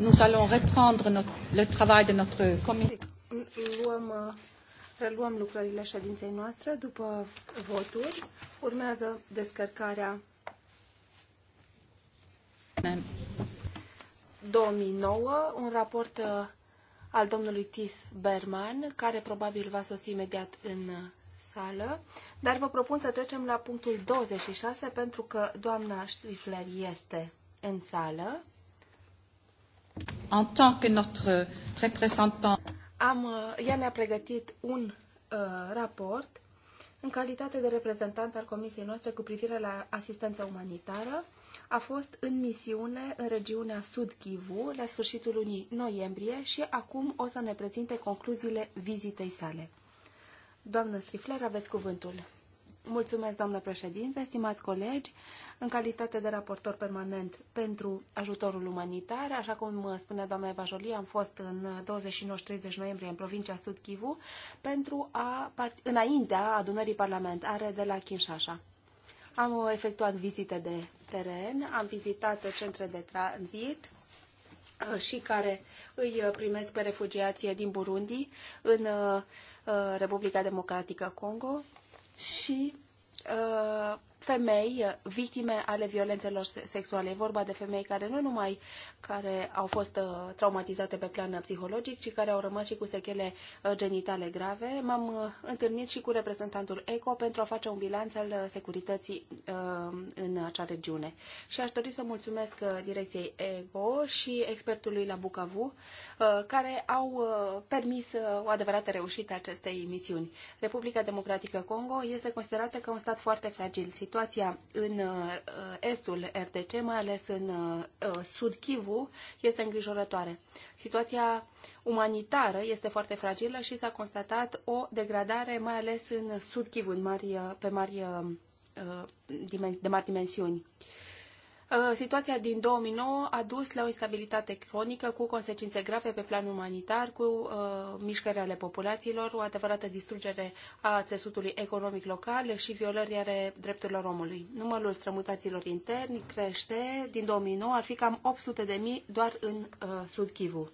Nous allons reprendre notre, le travail de notre comité. reluăm lucrările ședinței noastre după voturi. Urmează descărcarea 2009, un raport uh, al domnului Tis Berman, care probabil va sosi imediat în sală, dar vă propun să trecem la punctul 26 pentru că doamna Strifler este în sală în tant que notre reprezentant... Am, uh, ea ne-a pregătit un uh, raport în calitate de reprezentant al comisiei noastre cu privire la asistența umanitară. A fost în misiune în regiunea Sud Kivu la sfârșitul lunii noiembrie și acum o să ne prezinte concluziile vizitei sale. Doamnă Strifler, aveți cuvântul. Mulțumesc, doamnă președinte, stimați colegi, în calitate de raportor permanent pentru ajutorul umanitar, așa cum spunea doamna Eva Jolie, am fost în 29-30 noiembrie în provincia Sud Kivu pentru a, înaintea adunării parlamentare de la Kinshasa. Am efectuat vizite de teren, am vizitat centre de tranzit, uh, și care îi primesc pe refugiații din Burundi în uh, Republica Democratică Congo și uh, femei uh, victime ale violențelor sexuale. E vorba de femei care nu numai care au fost uh, traumatizate pe plan psihologic, ci care au rămas și cu sechele uh, genitale grave. M-am întâlnit și cu reprezentantul ECO pentru a face un bilanț al securității în acea regiune. Și aș dori să mulțumesc direcției ECO și expertului la Bucavu, care au permis o adevărată reușită acestei misiuni. Republica Democratică Congo este considerată ca un stat foarte fragil situația în uh, estul RDC, mai ales în uh, uh, sud Kivu, este îngrijorătoare. Situația umanitară este foarte fragilă și s-a constatat o degradare, mai ales în sud Kivu, în mari, pe mari, de mari dimensiuni. Uh, situația din 2009 a dus la o instabilitate cronică cu consecințe grave pe plan umanitar, cu uh, mișcări ale populațiilor, o adevărată distrugere a țesutului economic local și violări ale drepturilor omului. Numărul strămutaților interni crește. Din 2009 ar fi cam 800 de mii doar în uh, Sud Kivu.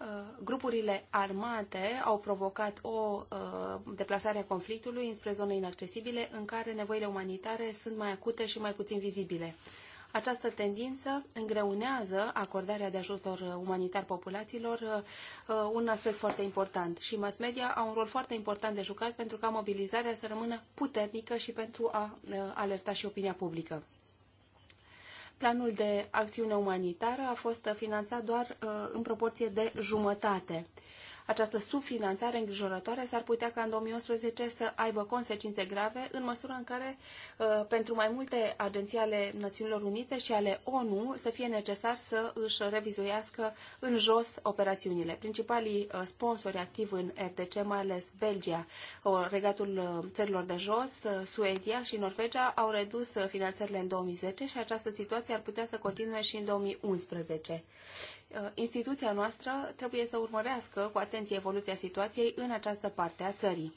Uh, grupurile armate au provocat o uh, deplasare a conflictului înspre zone inaccesibile în care nevoile umanitare sunt mai acute și mai puțin vizibile. Această tendință îngreunează acordarea de ajutor umanitar populațiilor, uh, un aspect foarte important. Și mass media au un rol foarte important de jucat pentru ca mobilizarea să rămână puternică și pentru a alerta și opinia publică. Planul de acțiune umanitară a fost finanțat doar uh, în proporție de jumătate această subfinanțare îngrijorătoare s-ar putea ca în 2011 să aibă consecințe grave în măsura în care uh, pentru mai multe agenții ale Națiunilor Unite și ale ONU să fie necesar să își revizuiască în jos operațiunile. Principalii uh, sponsori activi în RTC, mai ales Belgia, uh, Regatul Țărilor de Jos, Suedia și Norvegia au redus finanțările în 2010 și această situație ar putea să continue și în 2011. Uh, instituția noastră trebuie să urmărească cu atenție evoluția situației în această parte a țării.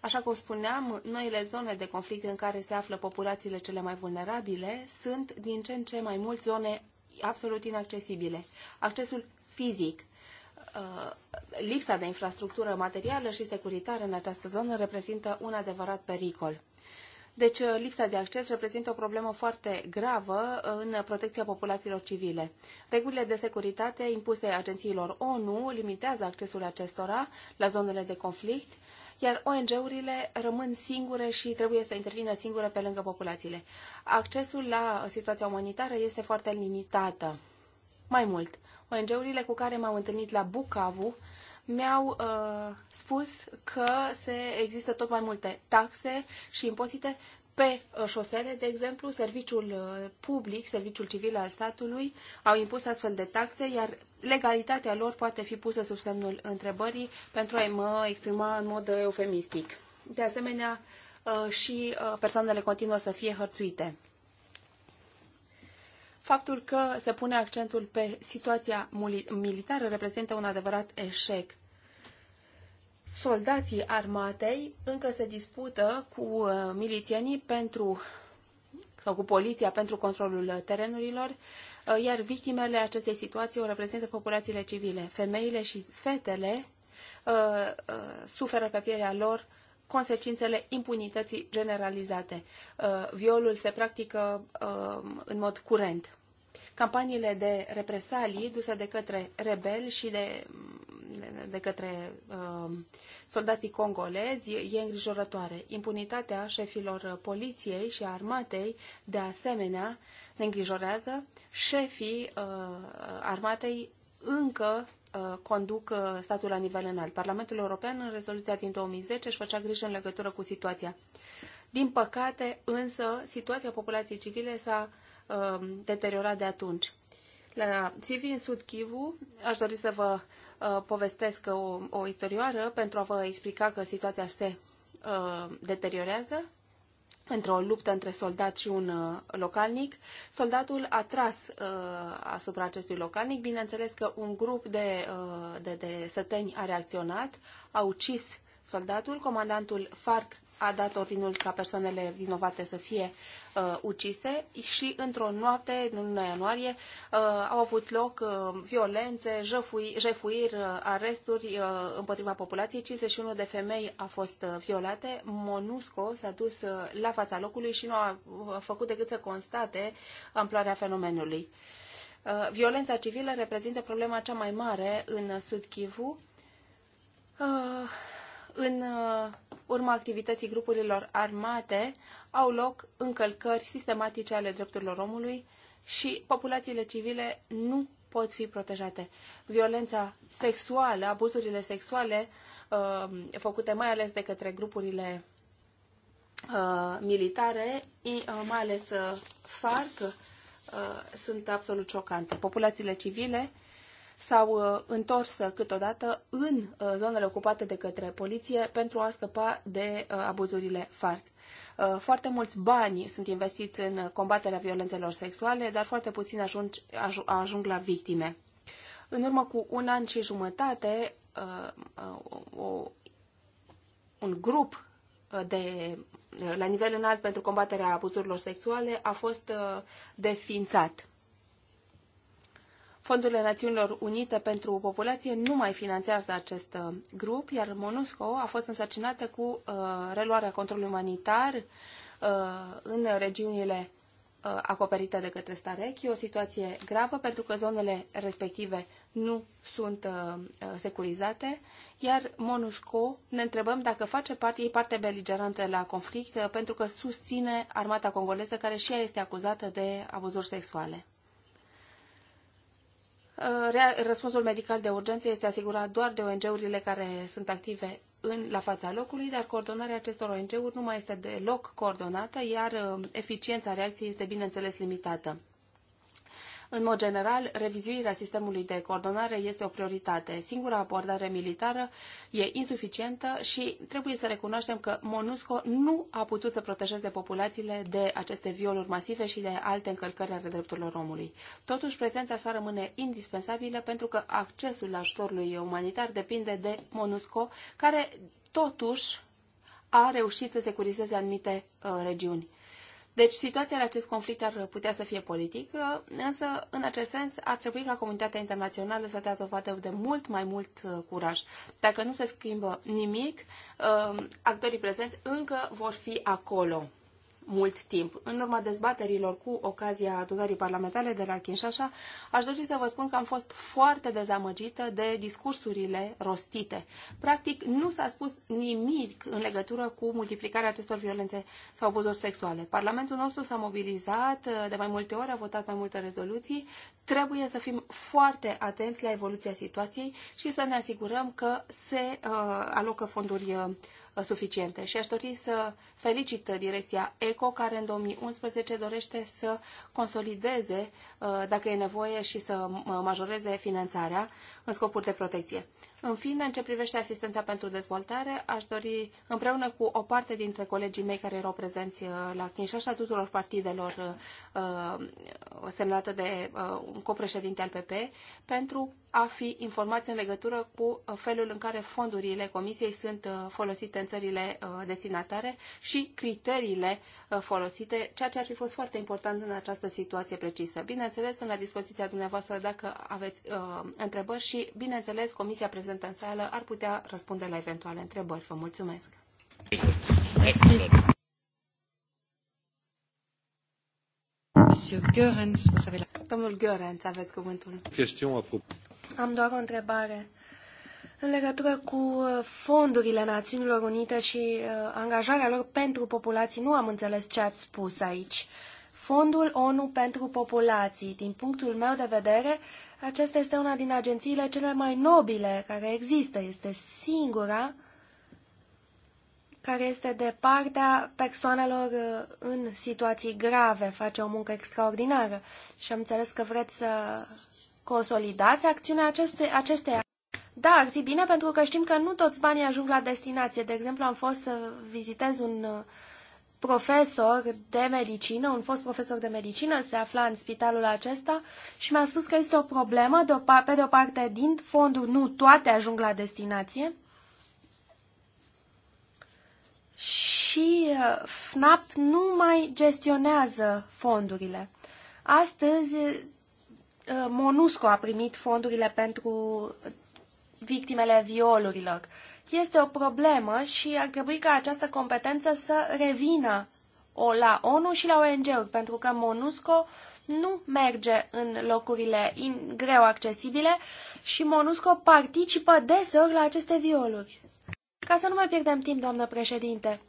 Așa cum spuneam, noile zone de conflict în care se află populațiile cele mai vulnerabile sunt din ce în ce mai mult zone absolut inaccesibile. Accesul fizic, uh, lipsa de infrastructură materială și securitară în această zonă reprezintă un adevărat pericol. Deci uh, lipsa de acces reprezintă o problemă foarte gravă uh, în protecția populațiilor civile. Regulile de securitate impuse agențiilor ONU limitează accesul acestora la zonele de conflict, iar ONG-urile rămân singure și trebuie să intervină singure pe lângă populațiile. Accesul la situația umanitară este foarte limitată. Mai mult, ONG-urile cu care m-am întâlnit la Bukavu mi-au uh, spus că se există tot mai multe taxe și impozite pe uh, șosele, de exemplu, serviciul uh, public, serviciul civil al statului, au impus astfel de taxe, iar legalitatea lor poate fi pusă sub semnul întrebării pentru a-i mă exprima în mod uh, eufemistic. De asemenea, și persoanele continuă să fie hărțuite. Faptul că se pune accentul pe situația militară reprezintă un adevărat eșec. Soldații armatei încă se dispută cu uh, milițienii pentru sau cu poliția pentru controlul terenurilor, uh, iar victimele acestei situații o reprezintă populațiile civile. Femeile și fetele uh, uh, suferă pe pielea lor consecințele impunității generalizate. Uh, violul se practică uh, în mod curent. Campaniile de represalii duse de către rebeli și de, de către uh, soldații congolezi e îngrijorătoare. Impunitatea șefilor poliției și armatei, de asemenea, ne îngrijorează. Șefii armatei încă Uh, conduc uh, statul la nivel înalt. Parlamentul European, în rezoluția din 2010, își făcea grijă în legătură cu situația. Din păcate, însă, situația populației civile s-a uh, deteriorat de atunci. La Civi, în Sud Kivu, aș dori să vă uh, povestesc o, o istorioară pentru a vă explica că situația se uh, deteriorează într-o luptă între soldat și un uh, localnic. Soldatul a tras uh, asupra acestui localnic. Bineînțeles că un grup de, uh, de, de săteni a reacționat, a ucis soldatul. Comandantul Farc a dat ordinul ca persoanele vinovate să fie uh, ucise și într-o noapte, în 1 ianuarie, uh, au avut loc uh, violențe, jefui, jefuiri, uh, aresturi uh, împotriva populației. 51 de femei a fost uh, violate. MONUSCO s-a dus uh, la fața locului și nu a făcut decât să constate amploarea fenomenului. Uh, violența civilă reprezintă problema cea mai mare în Sud Kivu. Uh, în uh, urma activității grupurilor armate au loc încălcări sistematice ale drepturilor omului și populațiile civile nu pot fi protejate. Violența sexuală, abuzurile sexuale uh, făcute mai ales de către grupurile uh, militare, uh, mai ales FARC, sunt absolut șocante. Populațiile civile s-au uh, întors câteodată în uh, zonele ocupate de către poliție pentru a scăpa de uh, abuzurile FARC. Foarte mulți bani sunt investiți în combaterea violențelor sexuale, dar foarte puțin ajung, ajung la victime. În urmă cu un an și jumătate, un grup de, la nivel înalt pentru combaterea abuzurilor sexuale a fost desfințat. Fondurile Națiunilor Unite pentru Populație nu mai finanțează acest uh, grup, iar MONUSCO a fost însărcinată cu uh, reluarea controlului umanitar uh, în regiunile uh, acoperite de către Starec. E o situație gravă pentru că zonele respective nu sunt uh, securizate, iar MONUSCO ne întrebăm dacă face parte, e parte beligerantă la conflict uh, pentru că susține armata congoleză care și ea este acuzată de abuzuri sexuale. Uh, răspunsul medical de urgență este asigurat doar de ONG-urile care sunt active în, la fața locului, dar coordonarea acestor ONG-uri nu mai este deloc coordonată, iar uh, eficiența reacției este, bineînțeles, limitată. În mod general, revizuirea sistemului de coordonare este o prioritate. Singura abordare militară e insuficientă și trebuie să recunoaștem că MONUSCO nu a putut să protejeze populațiile de aceste violuri masive și de alte încălcări ale drepturilor omului. Totuși, prezența sa rămâne indispensabilă pentru că accesul ajutorului umanitar depinde de MONUSCO, care totuși a reușit să securizeze anumite uh, regiuni. Deci situația la acest conflict ar putea să fie politică, însă în acest sens ar trebui ca comunitatea internațională să dea dovadă de mult mai mult uh, curaj. Dacă nu se schimbă nimic, uh, actorii prezenți încă vor fi acolo mult timp. În urma dezbaterilor cu ocazia adunării parlamentare de la Kinshasa, aș dori să vă spun că am fost foarte dezamăgită de discursurile rostite. Practic, nu s-a spus nimic în legătură cu multiplicarea acestor violențe sau abuzuri sexuale. Parlamentul nostru s-a mobilizat uh, de mai multe ori, a votat mai multe rezoluții. Trebuie să fim foarte atenți la evoluția situației și să ne asigurăm că se uh, alocă fonduri uh, suficiente. Și aș dori să Felicit direcția ECO, care în 2011 dorește să consolideze, uh, dacă e nevoie, și să uh, majoreze finanțarea în scopuri de protecție. În fine, în ce privește asistența pentru dezvoltare, aș dori, împreună cu o parte dintre colegii mei care erau prezenți uh, la Chinșașa, tuturor partidelor semnată de un copreședinte al PP, pentru a fi informați în legătură cu felul în care fondurile Comisiei sunt folosite în țările destinatare și criteriile uh, folosite, ceea ce ar fi fost foarte important în această situație precisă. Bineînțeles, sunt la dispoziția dumneavoastră dacă aveți uh, întrebări și, bineînțeles, Comisia prezentă în sală ar putea răspunde la eventuale întrebări. Vă mulțumesc! Domnul Görens, aveți cuvântul. Am doar o întrebare în legătură cu uh, fondurile Națiunilor Unite și uh, angajarea lor pentru populații. Nu am înțeles ce ați spus aici. Fondul ONU pentru populații, din punctul meu de vedere, acesta este una din agențiile cele mai nobile care există. Este singura care este de partea persoanelor uh, în situații grave, face o muncă extraordinară. Și am înțeles că vreți să consolidați acțiunea acestui, acestei da, ar fi bine pentru că știm că nu toți banii ajung la destinație. De exemplu, am fost să vizitez un uh, profesor de medicină, un fost profesor de medicină, se afla în spitalul acesta și mi-a spus că este o problemă, de o, pe de o parte, din fonduri nu toate ajung la destinație și uh, FNAP nu mai gestionează fondurile. Astăzi, uh, MONUSCO a primit fondurile pentru victimele violurilor. Este o problemă și ar trebui ca această competență să revină la ONU și la ONG-uri, pentru că MONUSCO nu merge în locurile in, greu accesibile și MONUSCO participă deseori la aceste violuri. Ca să nu mai pierdem timp, doamnă președinte,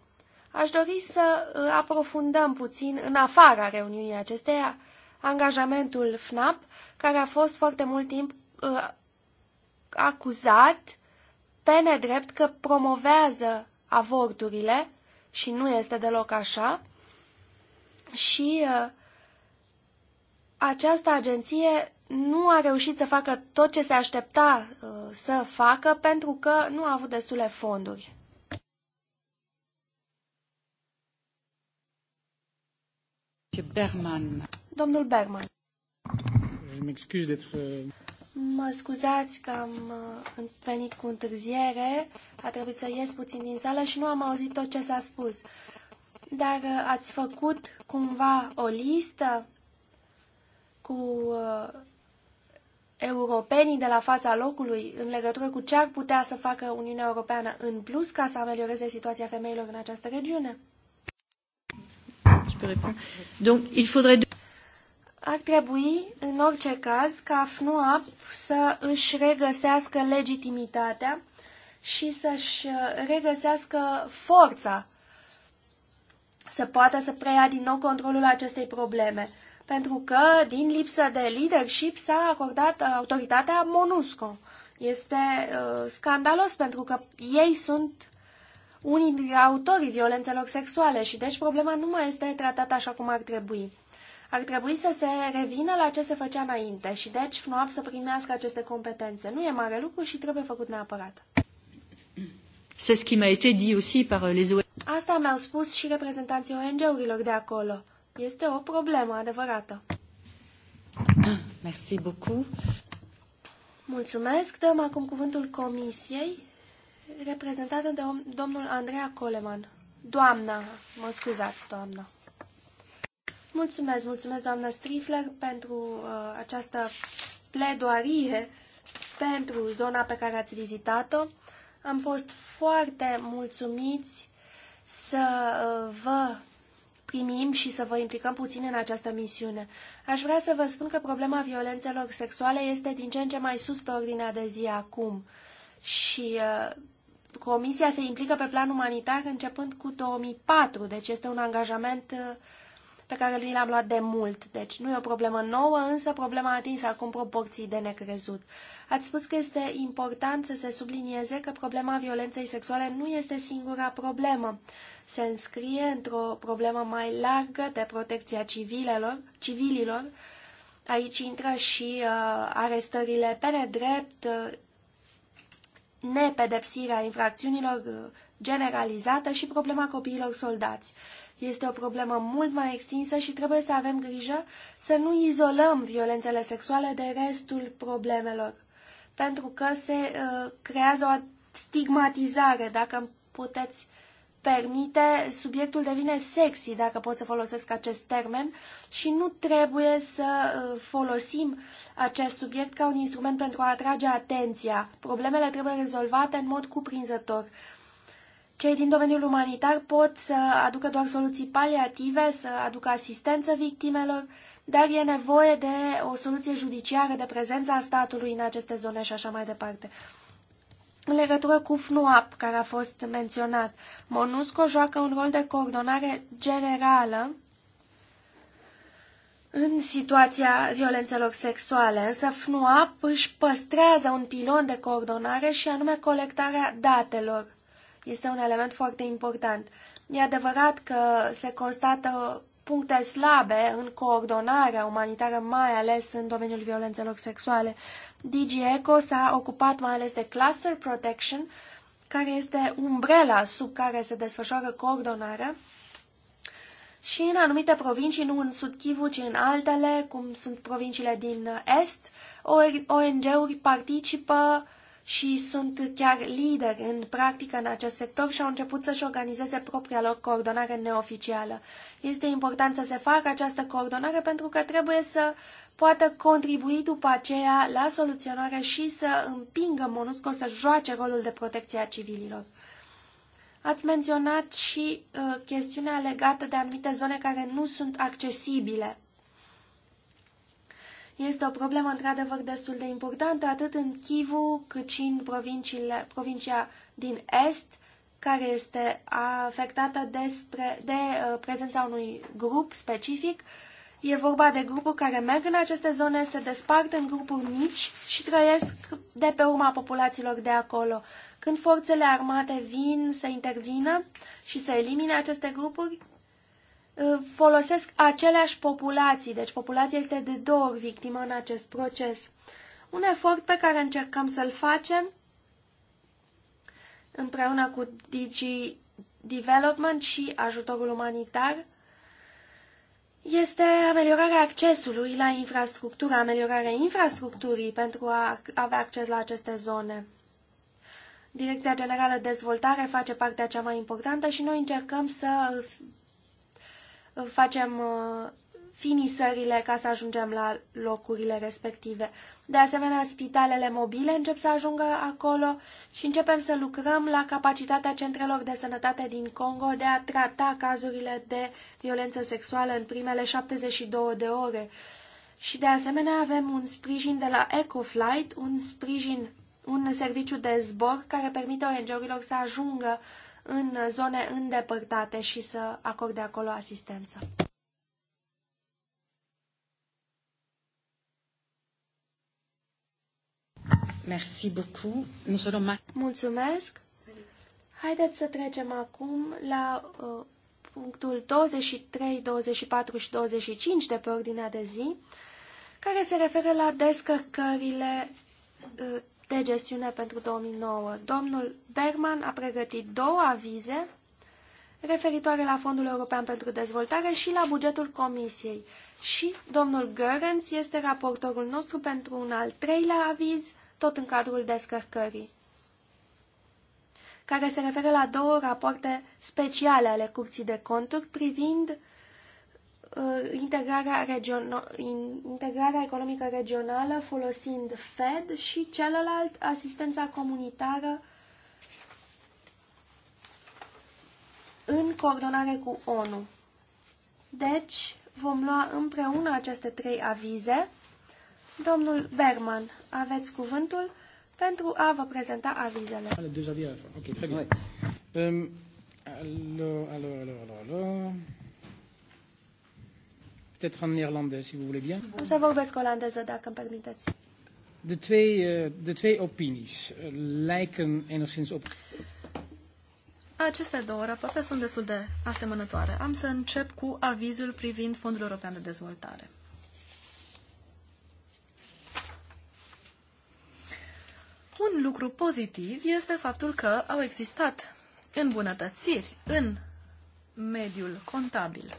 aș dori să uh, aprofundăm puțin, în afara reuniunii acesteia, angajamentul FNAP, care a fost foarte mult timp uh, acuzat pe nedrept că promovează avorturile și nu este deloc așa. Și uh, această agenție nu a reușit să facă tot ce se aștepta uh, să facă pentru că nu a avut destule fonduri. Berman. Domnul Berman. Je m'excuse d'être euh, Mă scuzați că am uh, venit cu întârziere, a trebuit să ies puțin din sală și nu am auzit tot ce s-a spus. Dar uh, ați făcut cumva o listă cu uh, europenii de la fața locului în legătură cu ce ar putea să facă Uniunea Europeană în plus ca să amelioreze situația femeilor în această regiune? Je peux répondre. Donc, il faudrait... Ar trebui, în orice caz, ca FNUAP să își regăsească legitimitatea și să-și uh, regăsească forța să poată să preia din nou controlul acestei probleme, pentru că, din lipsă de leadership, s-a acordat uh, autoritatea MONUSCO. Este uh, scandalos pentru că ei sunt unii dintre autorii violențelor sexuale și deci problema nu mai este tratată așa cum ar trebui. Ar trebui să se revină la ce se făcea înainte și deci FNOAP să primească aceste competențe. Nu e mare lucru și trebuie făcut neapărat. C'est ce qui m'a été dit aussi par euh, les ONG. Asta mi-au spus și reprezentanții ONG-urilor de acolo. Este o problemă adevărată. Merci beaucoup. Mulțumesc. Dăm acum cuvântul comisiei, reprezentată de domnul Andreea Coleman. Doamna, mă scuzați, doamna. Mulțumesc, mulțumesc doamna Strifler pentru uh, această pledoarie pentru zona pe care ați vizitat-o. Am fost foarte mulțumiți să uh, vă primim și să vă implicăm puțin în această misiune. Aș vrea să vă spun că problema violențelor sexuale este din ce în ce mai sus pe ordinea de zi acum și uh, Comisia se implică pe plan umanitar începând cu 2004, deci este un angajament uh, pe care ni l-am luat de mult. Deci nu e o problemă nouă, însă problema atinsă acum proporții de necrezut. Ați spus că este important să se sublinieze că problema violenței sexuale nu este singura problemă. Se înscrie într-o problemă mai largă de protecția civililor, civililor. Aici intră și uh, arestările pe nedrept, uh, nepedepsirea infracțiunilor uh, generalizată și problema copiilor soldați. Este o problemă mult mai extinsă și trebuie să avem grijă să nu izolăm violențele sexuale de restul problemelor, pentru că se uh, creează o stigmatizare. Dacă îmi puteți permite, subiectul devine sexy, dacă pot să folosesc acest termen, și nu trebuie să uh, folosim acest subiect ca un instrument pentru a atrage atenția. Problemele trebuie rezolvate în mod cuprinzător cei din domeniul umanitar pot să aducă doar soluții paliative, să aducă asistență victimelor, dar e nevoie de o soluție judiciară, de prezența statului în aceste zone și așa mai departe. În legătură cu FNUAP, care a fost menționat, MONUSCO joacă un rol de coordonare generală în situația violențelor sexuale, însă FNUAP își păstrează un pilon de coordonare și anume colectarea datelor este un element foarte important. E adevărat că se constată puncte slabe în coordonarea umanitară, mai ales în domeniul violențelor sexuale. DGECO s-a ocupat mai ales de cluster protection, care este umbrela sub care se desfășoară coordonarea. Și în anumite provincii, nu în Sud Kivu, ci în altele, cum sunt provinciile din Est, ONG-uri participă și sunt chiar lideri în practică în acest sector și au început să-și organizeze propria lor coordonare neoficială. Este important să se facă această coordonare pentru că trebuie să poată contribui după aceea la soluționare și să împingă MONUSCO să joace rolul de protecție a civililor. Ați menționat și uh, chestiunea legată de anumite zone care nu sunt accesibile. Este o problemă într-adevăr destul de importantă atât în Kivu cât și în provincia din Est, care este afectată despre, de uh, prezența unui grup specific. E vorba de grupuri care merg în aceste zone, se despart în grupuri mici și trăiesc de pe urma populațiilor de acolo. Când forțele armate vin să intervină și să elimine aceste grupuri, folosesc aceleași populații, deci populația este de două ori victimă în acest proces. Un efort pe care încercăm să-l facem împreună cu Digi Development și ajutorul umanitar este ameliorarea accesului la infrastructură, ameliorarea infrastructurii pentru a avea acces la aceste zone. Direcția Generală Dezvoltare face partea cea mai importantă și noi încercăm să facem uh, finisările ca să ajungem la locurile respective. De asemenea, spitalele mobile încep să ajungă acolo și începem să lucrăm la capacitatea centrelor de sănătate din Congo de a trata cazurile de violență sexuală în primele 72 de ore. Și de asemenea avem un sprijin de la Ecoflight, un sprijin, un serviciu de zbor care permite ONG-urilor să ajungă uh, în zone îndepărtate și să acorde acolo asistență. Merci beaucoup. Nous allons... Mulțumesc. Haideți să trecem acum la uh, punctul 23, 24 și 25 de pe ordinea de zi, care se referă la descărcările uh, de gestiune pentru 2009. Domnul Berman a pregătit două avize referitoare la Fondul European pentru Dezvoltare și la bugetul Comisiei. Și domnul Görens este raportorul nostru pentru un al treilea aviz, tot în cadrul descărcării, care se referă la două rapoarte speciale ale Curții de Conturi privind Uh, integrarea, regiono- integrarea economică regională folosind FED și celălalt asistența comunitară în coordonare cu ONU. Deci, vom lua împreună aceste trei avize. Domnul Berman, aveți cuvântul pentru a vă prezenta avizele. Deja Ok, très bien. Oui. Um, ehm, alors, alors, alors, alors peut-être en néerlandais, si vous voulez bien. să vorbesc olandeză, dacă îmi permiteți. De twee, eh, de twee opinies eh, lijken enigszins op... Aceste două rapoarte sunt destul de asemănătoare. Am să încep cu avizul privind Fondul European de Dezvoltare. Un lucru pozitiv este faptul că au existat îmbunătățiri în mediul contabil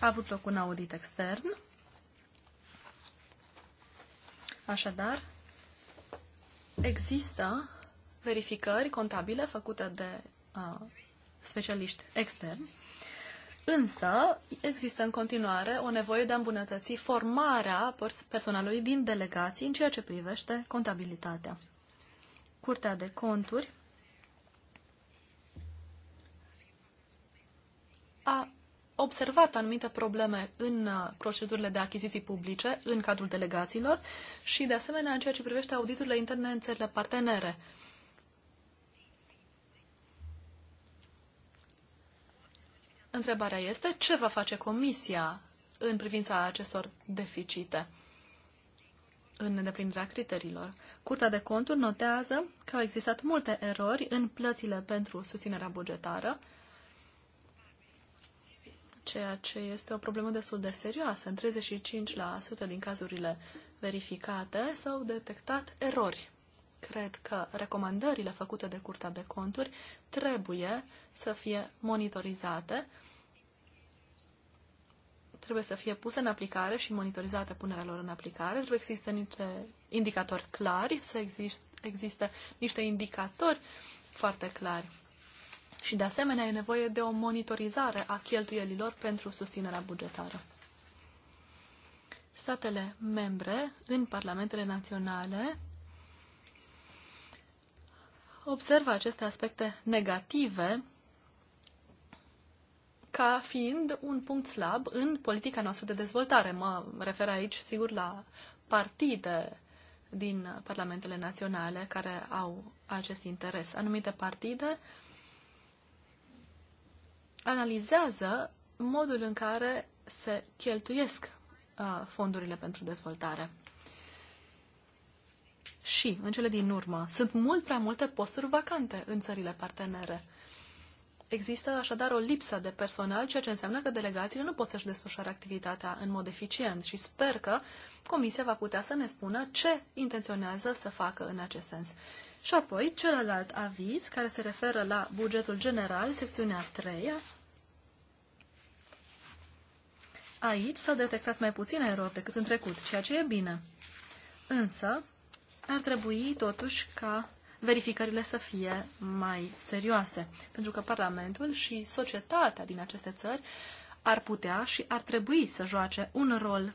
A avut loc un audit extern. Așadar, există verificări contabile făcute de uh, specialiști externi, însă există în continuare o nevoie de a îmbunătăți formarea personalului din delegații în ceea ce privește contabilitatea. Curtea de conturi a observat anumite probleme în uh, procedurile de achiziții publice, în cadrul delegațiilor și, de asemenea, în ceea ce privește auditurile interne în țările partenere. Întrebarea este ce va face Comisia în privința acestor deficite în îndeplinirea criteriilor. Curtea de conturi notează că au existat multe erori în plățile pentru susținerea bugetară, ceea ce este o problemă destul de serioasă. În 35% din cazurile verificate s-au detectat erori. Cred că recomandările făcute de Curtea de Conturi trebuie să fie monitorizate, trebuie să fie puse în aplicare și monitorizate punerea lor în aplicare, trebuie să existe niște indicatori clari, să existe, existe niște indicatori foarte clari și de asemenea e nevoie de o monitorizare a cheltuielilor pentru susținerea bugetară. Statele membre în parlamentele naționale observă aceste aspecte negative ca fiind un punct slab în politica noastră de dezvoltare. Mă refer aici, sigur, la partide din parlamentele naționale care au acest interes. Anumite partide uh, analizează modul în care se cheltuiesc fondurile pentru dezvoltare. Și, în cele din urmă, sunt mult prea multe posturi vacante în țările partenere. Există așadar o lipsă de personal, ceea ce înseamnă că delegațiile nu pot să-și desfășoare activitatea în mod eficient și sper că Comisia va putea să ne spună ce intenționează să facă în acest sens. Și apoi, celălalt aviz, care se referă la bugetul general, secțiunea 3, Aici s-au detectat mai puține erori decât în trecut, ceea ce e bine. Însă, ar trebui totuși ca verificările să fie mai serioase, pentru că Parlamentul și societatea din aceste țări ar putea și ar trebui să joace un rol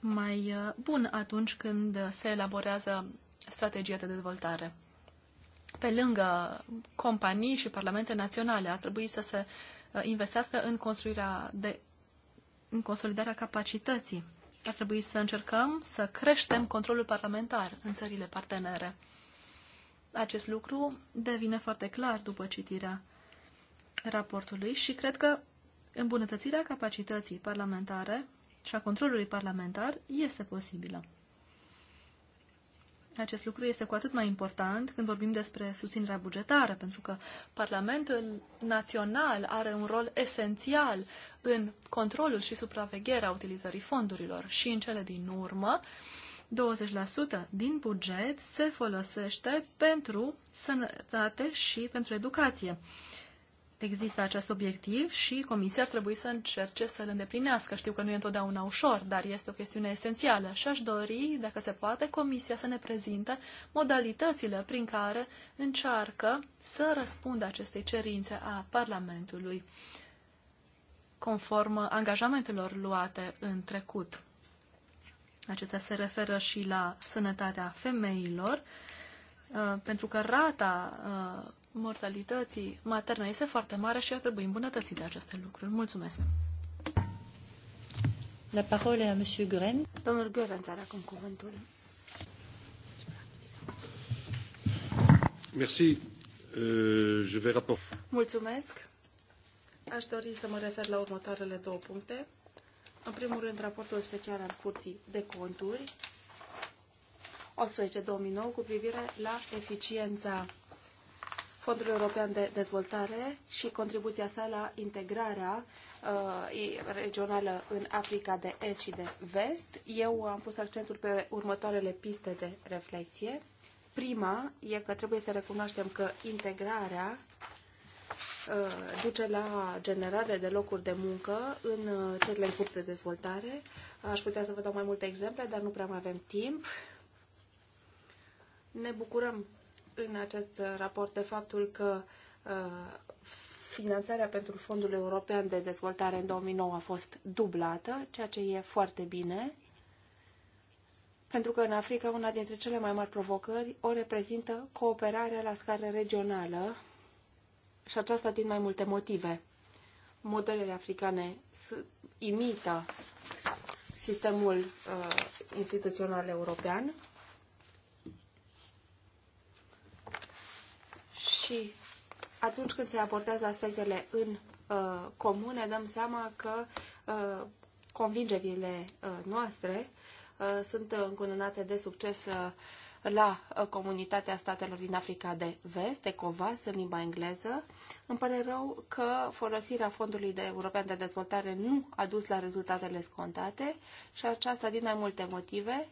mai uh, bun atunci când se elaborează strategia de dezvoltare. Pe lângă companii și parlamente naționale ar trebui să se uh, investească în construirea de în consolidarea capacității. Ar trebui să încercăm să creștem controlul parlamentar în țările partenere. Acest lucru devine foarte clar după citirea raportului și cred că îmbunătățirea capacității parlamentare și a controlului parlamentar este posibilă. Acest lucru este cu atât mai important când vorbim despre susținerea bugetară, pentru că Parlamentul Național are un rol esențial în controlul și supravegherea utilizării fondurilor și în cele din urmă, 20% din buget se folosește pentru sănătate și pentru educație există acest obiectiv și Comisia ar trebui să încerce să-l îndeplinească. Știu că nu e întotdeauna ușor, dar este o chestiune esențială și aș dori, dacă se poate, Comisia să ne prezinte modalitățile prin care încearcă să răspundă acestei cerințe a Parlamentului conform angajamentelor luate în trecut. Acestea se referă și la sănătatea femeilor, uh, pentru că rata uh, mortalității materne este foarte mare și ar trebui îmbunătățite aceste lucruri. Mulțumesc! La parole a Monsieur Guren. Domnul Guren are acum cuvântul. Merci. Uh, je vais rapport. Mulțumesc. Aș dori să mă refer la următoarele două puncte. În primul rând, raportul special al Curții de Conturi 18-2009 cu privire la eficiența Fondul European de Dezvoltare și contribuția sa la integrarea uh, regională în Africa de Est și de Vest. Eu am pus accentul pe următoarele piste de reflexie. Prima e că trebuie să recunoaștem că integrarea uh, duce la generare de locuri de muncă în uh, țările în curs de dezvoltare. Aș putea să vă dau mai multe exemple, dar nu prea mai avem timp. Ne bucurăm în acest raport de faptul că uh, finanțarea pentru Fondul European de Dezvoltare în 2009 a fost dublată, ceea ce e foarte bine, pentru că în Africa una dintre cele mai mari provocări o reprezintă cooperarea la scară regională și aceasta din mai multe motive. Modelele africane imită sistemul uh, instituțional european și atunci când se aportează aspectele în uh, comun, ne dăm seama că uh, convingerile uh, noastre uh, sunt uh, încununate de succes uh, la uh, comunitatea statelor din Africa de Vest, ECOVAS, în limba engleză. Îmi pare rău că folosirea Fondului de European de Dezvoltare nu a dus la rezultatele scontate și aceasta din mai multe motive,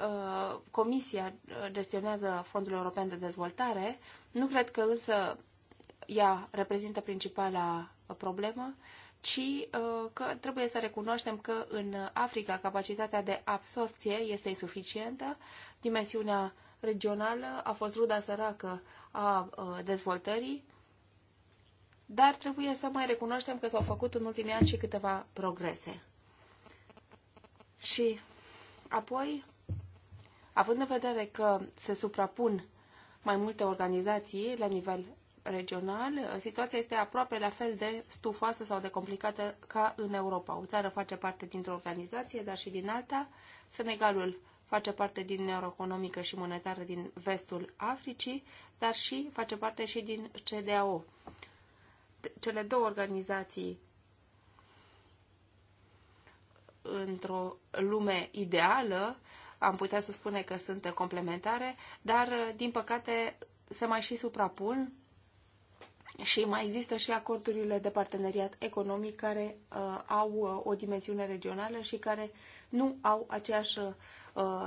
Uh, Comisia gestionează Fondul European de Dezvoltare. Nu cred că însă ea reprezintă principala problemă, ci uh, că trebuie să recunoaștem că în Africa capacitatea de absorpție este insuficientă, dimensiunea regională a fost ruda săracă a uh, dezvoltării, dar trebuie să mai recunoaștem că s-au făcut în ultimii ani și câteva progrese. Și apoi Având în vedere că se suprapun mai multe organizații la nivel regional, situația este aproape la fel de stufoasă sau de complicată ca în Europa. O țară face parte dintr-o organizație, dar și din alta. Senegalul face parte din Uniunea și Monetară din vestul Africii, dar și face parte și din CDAO. Cele două organizații într-o lume ideală am putea să spune că sunt complementare, dar, din păcate, se mai și suprapun și mai există și acordurile de parteneriat economic care uh, au uh, o dimensiune regională și care nu au aceeași uh,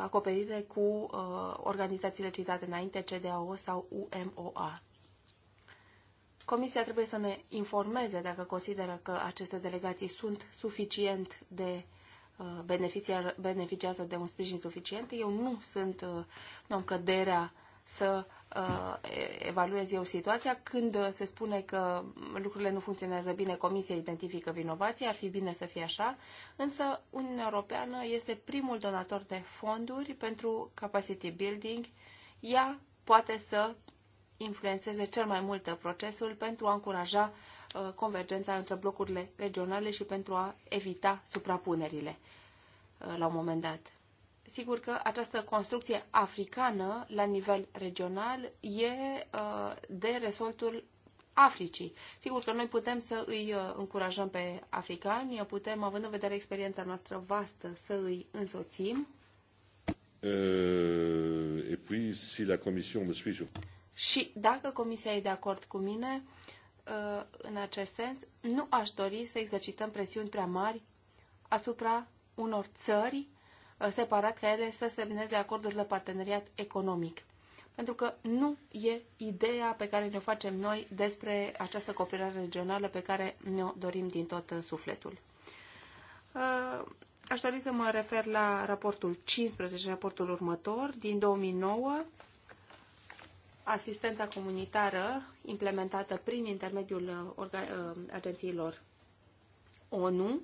acoperire cu uh, organizațiile citate înainte, CDAO sau UMOA. Comisia trebuie să ne informeze dacă consideră că aceste delegații sunt suficient de uh, Uh, beneficiază de un sprijin suficient. Eu nu sunt, uh, nu am căderea să uh, evaluez eu situația. Când se spune că lucrurile nu funcționează bine, Comisia identifică vinovații, ar fi bine să fie așa, însă Uniunea Europeană este primul donator de fonduri pentru capacity building. Ea poate să influențeze cel mai mult procesul pentru a încuraja uh, convergența între blocurile regionale și pentru a evita suprapunerile uh, la un moment dat. Sigur că această construcție africană la nivel regional e uh, de resortul Africii. Sigur că noi putem să îi încurajăm pe africani, putem, având în vedere experiența noastră vastă, să îi însoțim. Uh, et puis, si la Commission și dacă Comisia e de acord cu mine uh, în acest sens, nu aș dori să exercităm presiuni prea mari asupra unor țări uh, separat ca ele să semneze acorduri de parteneriat economic. Pentru că nu e ideea pe care ne facem noi despre această cooperare regională pe care ne-o dorim din tot uh, sufletul. Aș dori să mă refer la raportul 15, raportul următor, din 2009, asistența comunitară implementată prin intermediul uh, uh, agențiilor ONU.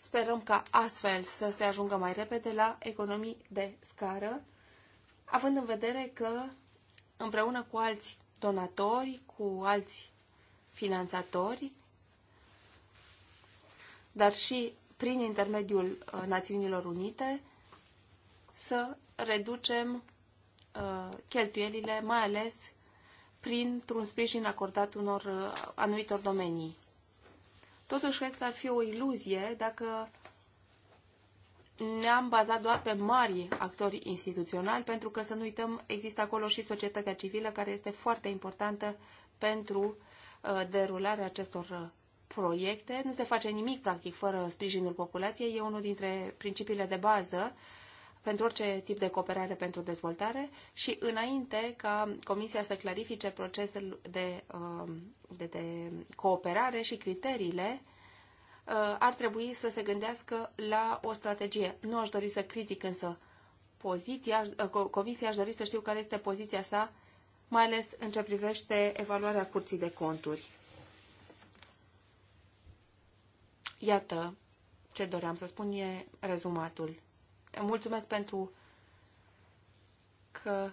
Sperăm ca astfel să se ajungă mai repede la economii de scară, având în vedere că împreună cu alți donatori, cu alți finanțatori, dar și prin intermediul uh, Națiunilor Unite, să reducem Uh, cheltuielile, mai ales printr-un sprijin acordat unor uh, anumitor domenii. Totuși, cred că ar fi o iluzie dacă ne-am bazat doar pe mari actori instituționali, pentru că, să nu uităm, există acolo și societatea civilă, care este foarte importantă pentru uh, derularea acestor proiecte. Nu se face nimic, practic, fără sprijinul populației. E unul dintre principiile de bază pentru orice tip de cooperare pentru dezvoltare și înainte ca Comisia să clarifice procesul de, um, de, de cooperare și criteriile, uh, ar trebui să se gândească la o strategie. Nu aș dori să critic însă poziția, uh, Comisia aș dori să știu care este poziția sa, mai ales în ce privește evaluarea curții de conturi. Iată ce doream să spun e rezumatul mulțumesc pentru că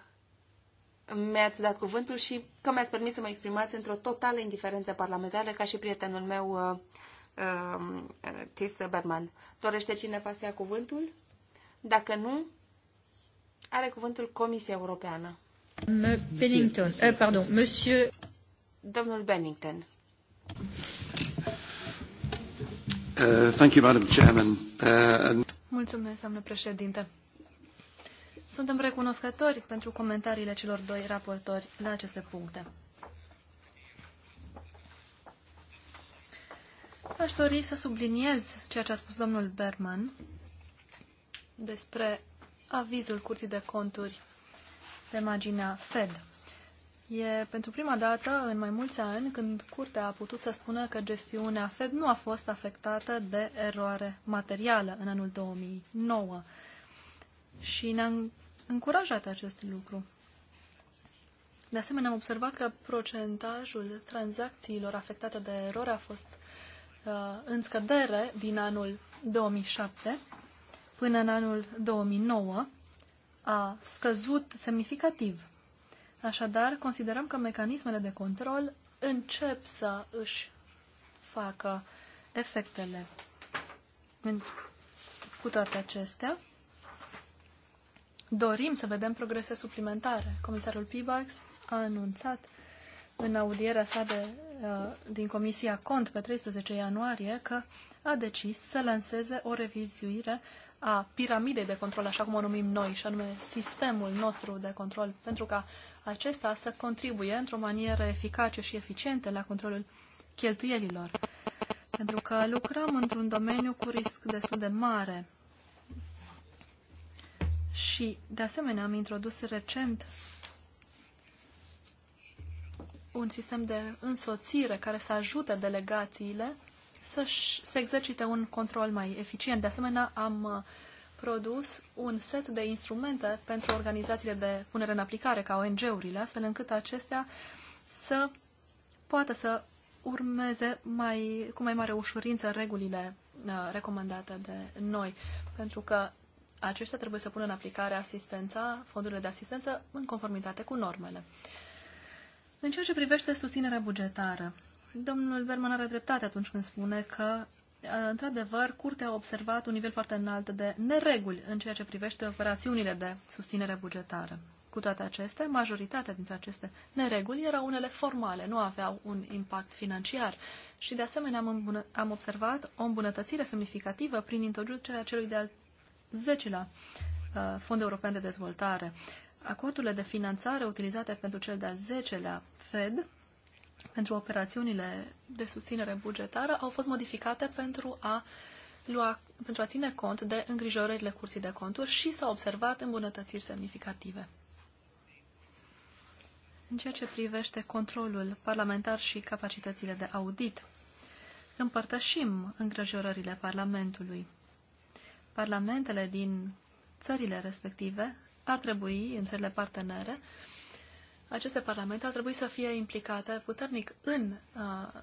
mi-ați dat cuvântul și că mi-ați permis să mă exprimați într-o totală indiferență parlamentară, ca și prietenul meu, uh, uh, Tis Berman. Dorește cineva să ia cuvântul? Dacă nu, are cuvântul Comisia Europeană. Monsieur Bennington, uh, pardon, monsieur... Domnul Bennington. Uh, uh doamnă președinte. Suntem recunoscători pentru comentariile celor doi raportori la aceste puncte. Aș dori să subliniez ceea ce a spus domnul Berman despre avizul Curții de Conturi pe marginea Fed. E pentru prima dată în mai mulți ani când curtea a putut să spună că gestiunea Fed nu a fost afectată de eroare materială în anul 2009. Și ne-a încurajat acest lucru. De asemenea, am observat că procentajul tranzacțiilor afectate de erori a fost uh, în scădere din anul 2007 până în anul 2009. A scăzut semnificativ Așadar, considerăm că mecanismele de control încep să își facă efectele. Cu toate acestea, dorim să vedem progrese suplimentare. Comisarul Pivax a anunțat în audierea sa de, uh, din Comisia Cont pe 13 ianuarie că a decis să lanseze o revizuire a piramidei de control, așa cum o numim noi, și anume sistemul nostru de control, pentru ca acesta să contribuie într-o manieră eficace și eficientă la controlul cheltuielilor. Pentru că lucrăm într-un domeniu cu risc destul de mare. Și, de asemenea, am introdus recent un sistem de însoțire care să ajute delegațiile să-și să exercite un control mai eficient. De asemenea, am uh, produs un set de instrumente pentru organizațiile de punere în aplicare, ca ONG-urile, astfel încât acestea să poată să urmeze mai, cu mai mare ușurință regulile uh, recomandate de noi, pentru că aceștia trebuie să pună în aplicare asistența, fondurile de asistență, în conformitate cu normele. În ceea ce privește susținerea bugetară, Domnul Verman are dreptate atunci când spune că, uh, într-adevăr, Curtea a observat un nivel foarte înalt de nereguli în ceea ce privește operațiunile de susținere bugetară. Cu toate acestea, majoritatea dintre aceste nereguli erau unele formale, nu aveau un impact financiar. Și de asemenea am, am observat o îmbunătățire semnificativă prin introducerea celui de-al 10-lea uh, Fond European de Dezvoltare. Acordurile de finanțare utilizate pentru cel de-al 10-lea FED pentru operațiunile de susținere bugetară au fost modificate pentru a lua, pentru a ține cont de îngrijorările cursii de conturi și s-au observat îmbunătățiri semnificative. În ceea ce privește controlul parlamentar și capacitățile de audit, împărtășim îngrijorările Parlamentului. Parlamentele din țările respective ar trebui, în țările partenere, aceste parlamente ar trebui să fie implicate puternic în uh,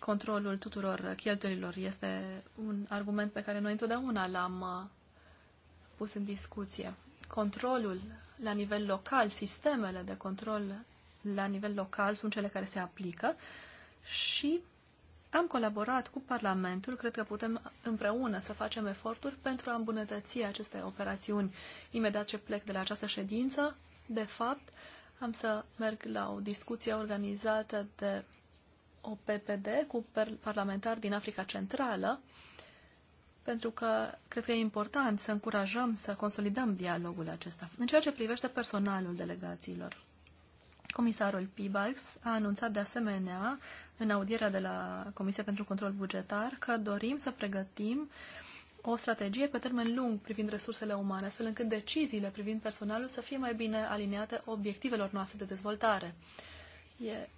controlul tuturor cheltuielilor. Este un argument pe care noi întotdeauna l-am uh, pus în discuție. Controlul la nivel local, sistemele de control la nivel local sunt cele care se aplică și am colaborat cu Parlamentul, cred că putem împreună să facem eforturi pentru a îmbunătăți aceste operațiuni. Imediat ce plec de la această ședință, de fapt, uh, am să merg la o discuție organizată de OPPD cu parlamentari din Africa Centrală, pentru că cred că e important să încurajăm, să consolidăm dialogul acesta. În ceea ce privește personalul delegațiilor, comisarul Pibax a anunțat de asemenea în audierea de la Comisia pentru Control Bugetar că dorim să pregătim uh, o strategie pe termen lung privind resursele umane, astfel încât deciziile privind personalul să fie mai bine aliniate obiectivelor noastre de dezvoltare. E,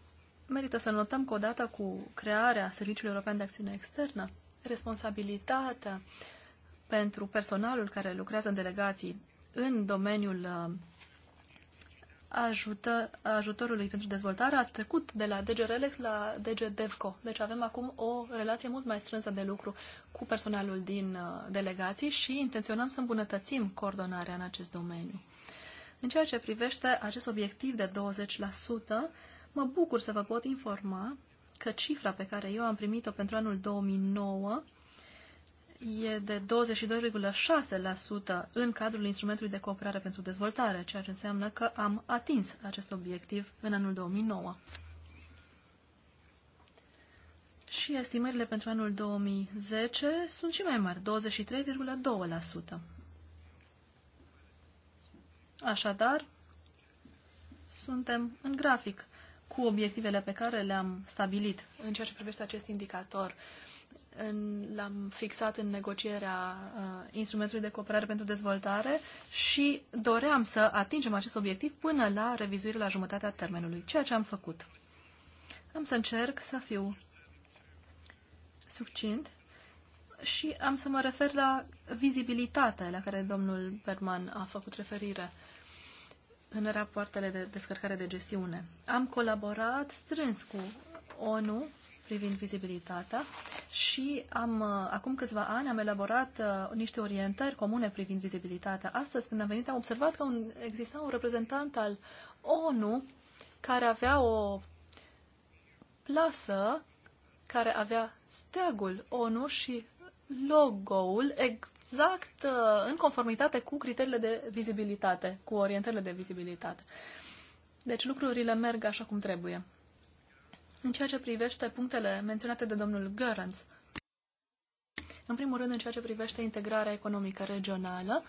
merită să notăm că odată cu crearea Serviciului European de Acțiune Externă, responsabilitatea pentru personalul care lucrează în delegații în domeniul uh, ajută, ajutorului pentru dezvoltare a trecut de la DG Relex la DG DevCo. Deci avem acum o relație mult mai strânsă de lucru cu personalul din uh, delegații și intenționăm să îmbunătățim coordonarea în acest domeniu. În ceea ce privește acest obiectiv de 20%, mă bucur să vă pot informa că cifra pe care eu am primit-o pentru anul 2009 e de 22,6% în cadrul instrumentului de cooperare pentru dezvoltare, ceea ce înseamnă că am atins acest obiectiv în anul 2009. Și estimările pentru anul 2010 sunt și mai mari, 23,2%. Așadar, suntem în grafic cu obiectivele pe care le-am stabilit în ceea ce privește acest indicator. Uh, l-am fixat în negocierea uh, instrumentului de cooperare pentru dezvoltare și doream să atingem acest obiectiv până la revizuire la jumătatea termenului, ceea ce am făcut. Am să încerc să fiu succint și am să mă refer la vizibilitatea la care domnul Berman a făcut referire în rapoartele de descărcare de gestiune. Am colaborat strâns cu ONU privind vizibilitatea și am, uh, acum câțiva ani am elaborat uh, niște orientări comune privind vizibilitatea. Astăzi, când am venit, am observat că un, exista un reprezentant al ONU care avea o plasă care avea steagul ONU și logo-ul exact uh, în conformitate cu criteriile de vizibilitate, cu orientările de vizibilitate. Deci lucrurile merg așa cum trebuie în ceea ce privește punctele menționate de domnul Görans. În primul rând, în ceea ce privește integrarea economică regională,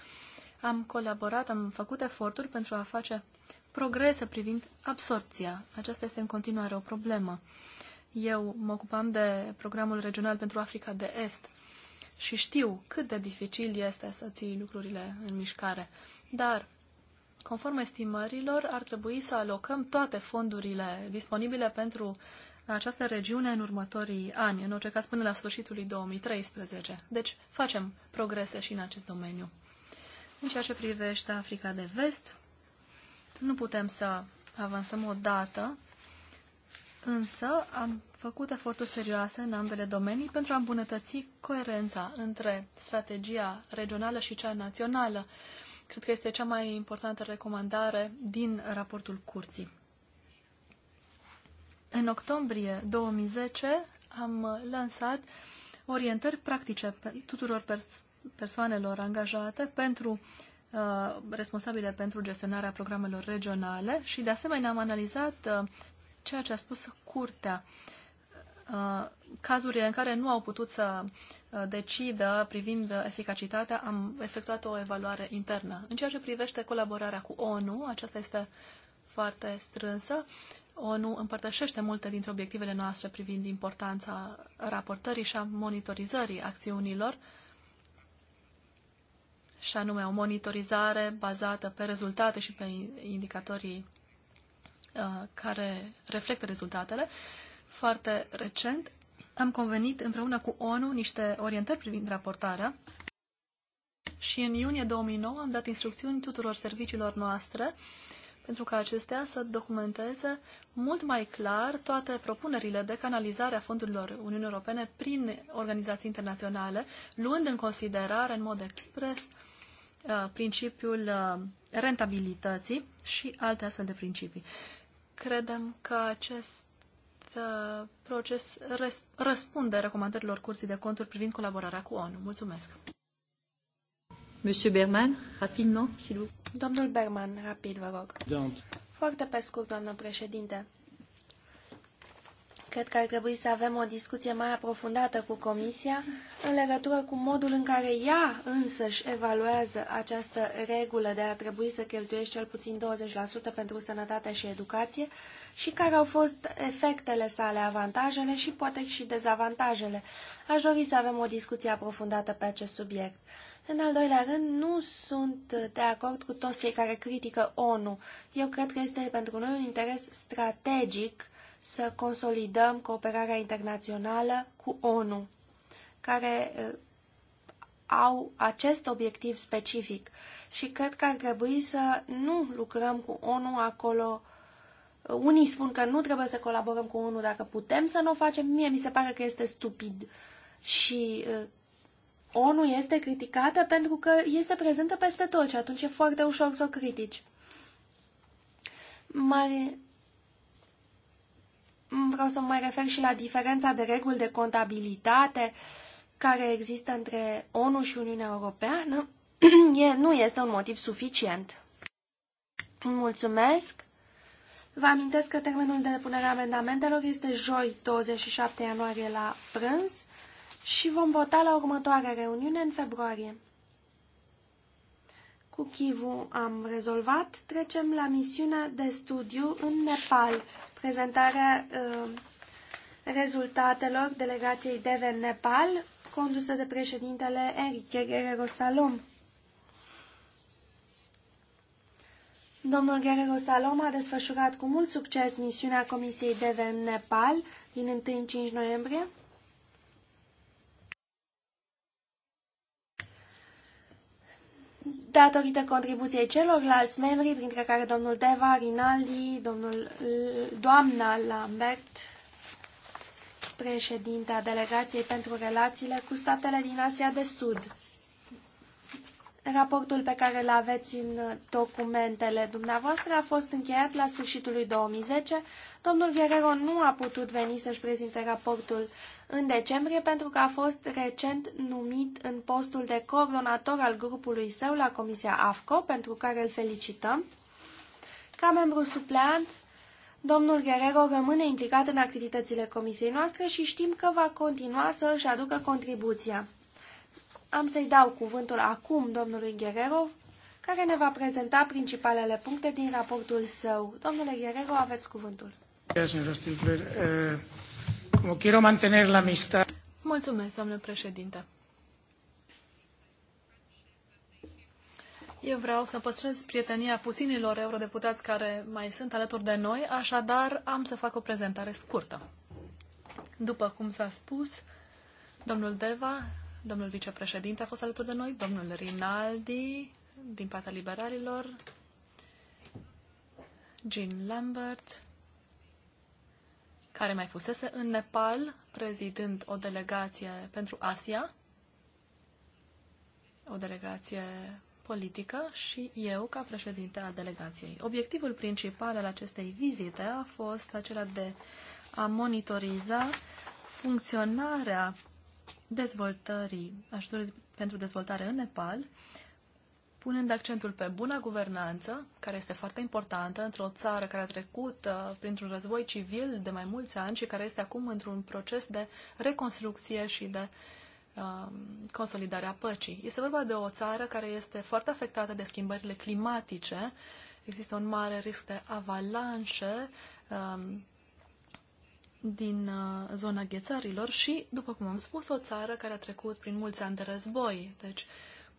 am colaborat, am făcut eforturi pentru a face progrese privind absorpția. Aceasta este în continuare o problemă. Eu mă ocupam de programul regional pentru Africa de Est și știu cât de dificil este să ții lucrurile în mișcare. Dar Conform estimărilor, ar trebui să alocăm toate fondurile disponibile pentru această regiune în următorii ani, în orice caz până la sfârșitul lui 2013. Deci facem progrese și în acest domeniu. În ceea ce privește Africa de Vest, nu putem să avansăm o dată, însă am făcut eforturi serioase în ambele domenii pentru a îmbunătăți coerența între strategia regională și cea națională Cred că este cea mai importantă recomandare din raportul curții. În octombrie 2010 am lansat orientări practice tuturor pers persoanelor angajate pentru uh, responsabile pentru gestionarea programelor regionale și de asemenea am analizat uh, ceea ce a spus curtea Uh, cazurile în care nu au putut să uh, decidă privind eficacitatea, am efectuat o evaluare internă. În ceea ce privește colaborarea cu ONU, aceasta este foarte strânsă. ONU împărtășește multe dintre obiectivele noastre privind importanța raportării și a monitorizării acțiunilor, și anume o monitorizare bazată pe rezultate și pe indicatorii uh, care reflectă rezultatele. Uh, foarte recent, am convenit împreună cu ONU niște orientări privind raportarea și în iunie 2009 am dat instrucțiuni tuturor serviciilor noastre pentru ca acestea să documenteze mult mai clar toate propunerile de canalizare a fondurilor Uniunii Europene prin organizații internaționale, luând în considerare în mod expres uh, principiul uh, rentabilității și alte astfel de principii. Credem că acest Uh, proces răspunde recomandărilor Curții de Conturi privind colaborarea cu ONU. Mulțumesc! Monsieur Berman, rapidement, s'il vous plaît. Domnul Berman, rapid, vă rog. Foarte pe scurt, doamnă președinte. Cred că ar trebui să avem o discuție mai aprofundată cu Comisia în legătură cu modul în care ea însăși evaluează această regulă de a trebui să cheltuiești cel puțin 20% pentru sănătate și educație și care au fost efectele sale, avantajele și poate și dezavantajele. Aș dori să avem o discuție aprofundată pe acest subiect. În al doilea rând, nu sunt de acord cu toți cei care critică ONU. Eu cred că este pentru noi un interes strategic să consolidăm cooperarea internațională cu ONU, care uh, au acest obiectiv specific și cred că ar trebui să nu lucrăm cu ONU acolo. Unii spun că nu trebuie să colaborăm cu ONU dacă putem să nu o facem. Mie mi se pare că este stupid și uh, ONU este criticată pentru că este prezentă peste tot și atunci e foarte ușor să o critici. Mai vreau să mă mai refer și la diferența de reguli de contabilitate care există între ONU și Uniunea Europeană. E, nu este un motiv suficient. Mulțumesc! Vă amintesc că termenul de depunere a amendamentelor este joi 27 ianuarie la prânz și vom vota la următoarea reuniune în februarie. Cu Chivu am rezolvat, trecem la misiunea de studiu în Nepal prezentarea uh, rezultatelor delegației deven Nepal, condusă de președintele Enrique Guerrero Salom. Domnul Guerrero Salom a desfășurat cu mult succes misiunea Comisiei deven Nepal din 1-5 noiembrie datorită contribuției celorlalți membri, printre care domnul Deva, Rinaldi, domnul, doamna Lambert, președinta delegației pentru relațiile cu statele din Asia de Sud. Raportul pe care îl aveți în documentele dumneavoastră a fost încheiat la sfârșitul lui 2010. Domnul Guerrero nu a putut veni să-și prezinte raportul în decembrie pentru că a fost recent numit în postul de coordonator al grupului său la Comisia AFCO, pentru care îl felicităm. Ca membru supleant, domnul Guerrero rămâne implicat în activitățile comisiei noastre și știm că va continua să își aducă contribuția. Am să-i dau cuvântul acum domnului Guerrero, care ne va prezenta principalele puncte din raportul său. Domnule Guerrero, aveți cuvântul. Eh, Mulțumesc, domnule președinte. Eu vreau să păstrez prietenia puținilor eurodeputați care mai sunt alături de noi, așadar am să fac o prezentare scurtă. După cum s-a spus, domnul Deva domnul vicepreședinte a fost alături de noi, domnul Rinaldi din partea liberalilor, Jean Lambert, care mai fusese în Nepal, prezidând o delegație pentru Asia, o delegație politică și eu ca președinte al delegației. Obiectivul principal al acestei vizite a fost acela de a monitoriza funcționarea dezvoltării, ajutorului pentru dezvoltare în Nepal, punând accentul pe buna guvernanță, care este foarte importantă într-o țară care a trecut uh, printr-un război civil de mai mulți ani și care este acum într-un proces de reconstrucție și de uh, um, consolidarea păcii. Este vorba de o țară care este foarte afectată de schimbările climatice, există un mare risc de avalanșe, um, din uh, zona ghețarilor și, după cum am spus, o țară care a trecut prin mulți ani de război. Deci,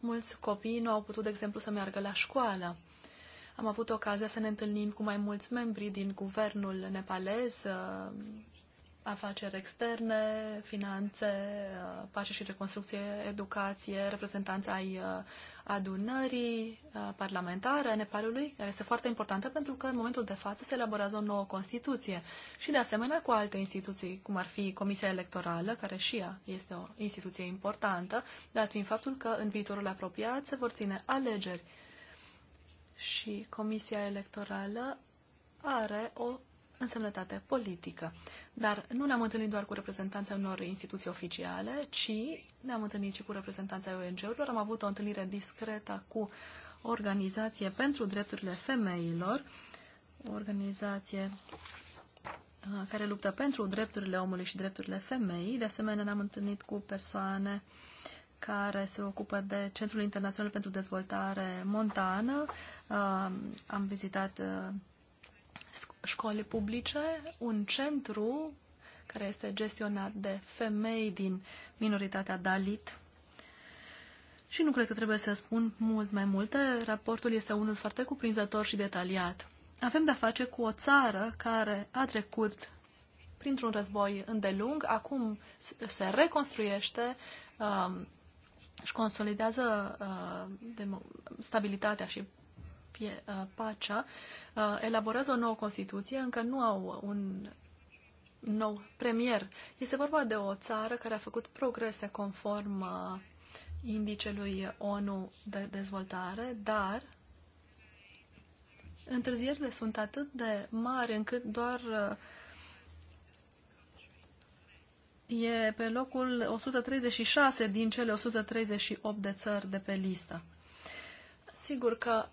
mulți copii nu au putut, de exemplu, să meargă la școală. Am avut ocazia să ne întâlnim cu mai mulți membri din guvernul nepalez, uh, afaceri externe, finanțe, uh, pace și reconstrucție, educație, reprezentanța ai uh, adunării uh, parlamentare a Nepalului, care este foarte importantă pentru că în momentul de față se elaborează o nouă Constituție și de asemenea cu alte instituții, cum ar fi Comisia Electorală, care și ea este o instituție importantă, dat fiind faptul că în viitorul apropiat se vor ține alegeri și Comisia Electorală are o însemnătate politică. Dar nu ne-am întâlnit doar cu reprezentanța unor instituții oficiale, ci ne-am întâlnit și cu reprezentanța ONG-urilor. Am avut o întâlnire discretă cu o organizație pentru drepturile femeilor, o organizație uh, care luptă pentru drepturile omului și drepturile femeii. De asemenea, ne-am întâlnit cu persoane care se ocupă de Centrul Internațional pentru Dezvoltare Montană. Uh, am vizitat uh, școli publice, un centru care este gestionat de femei din minoritatea Dalit. Și nu cred că trebuie să spun mult mai multe, raportul este unul foarte cuprinzător și detaliat. Avem de-a face cu o țară care a trecut printr-un război îndelung, acum se reconstruiește um, își consolidează uh, stabilitatea și Uh, pacea uh, elaborează o nouă Constituție, încă nu au un nou premier. Este vorba de o țară care a făcut progrese conform uh, indicelui ONU de dezvoltare, dar întârzierile sunt atât de mari încât doar e pe locul 136 din cele 138 de țări de pe listă. Sigur că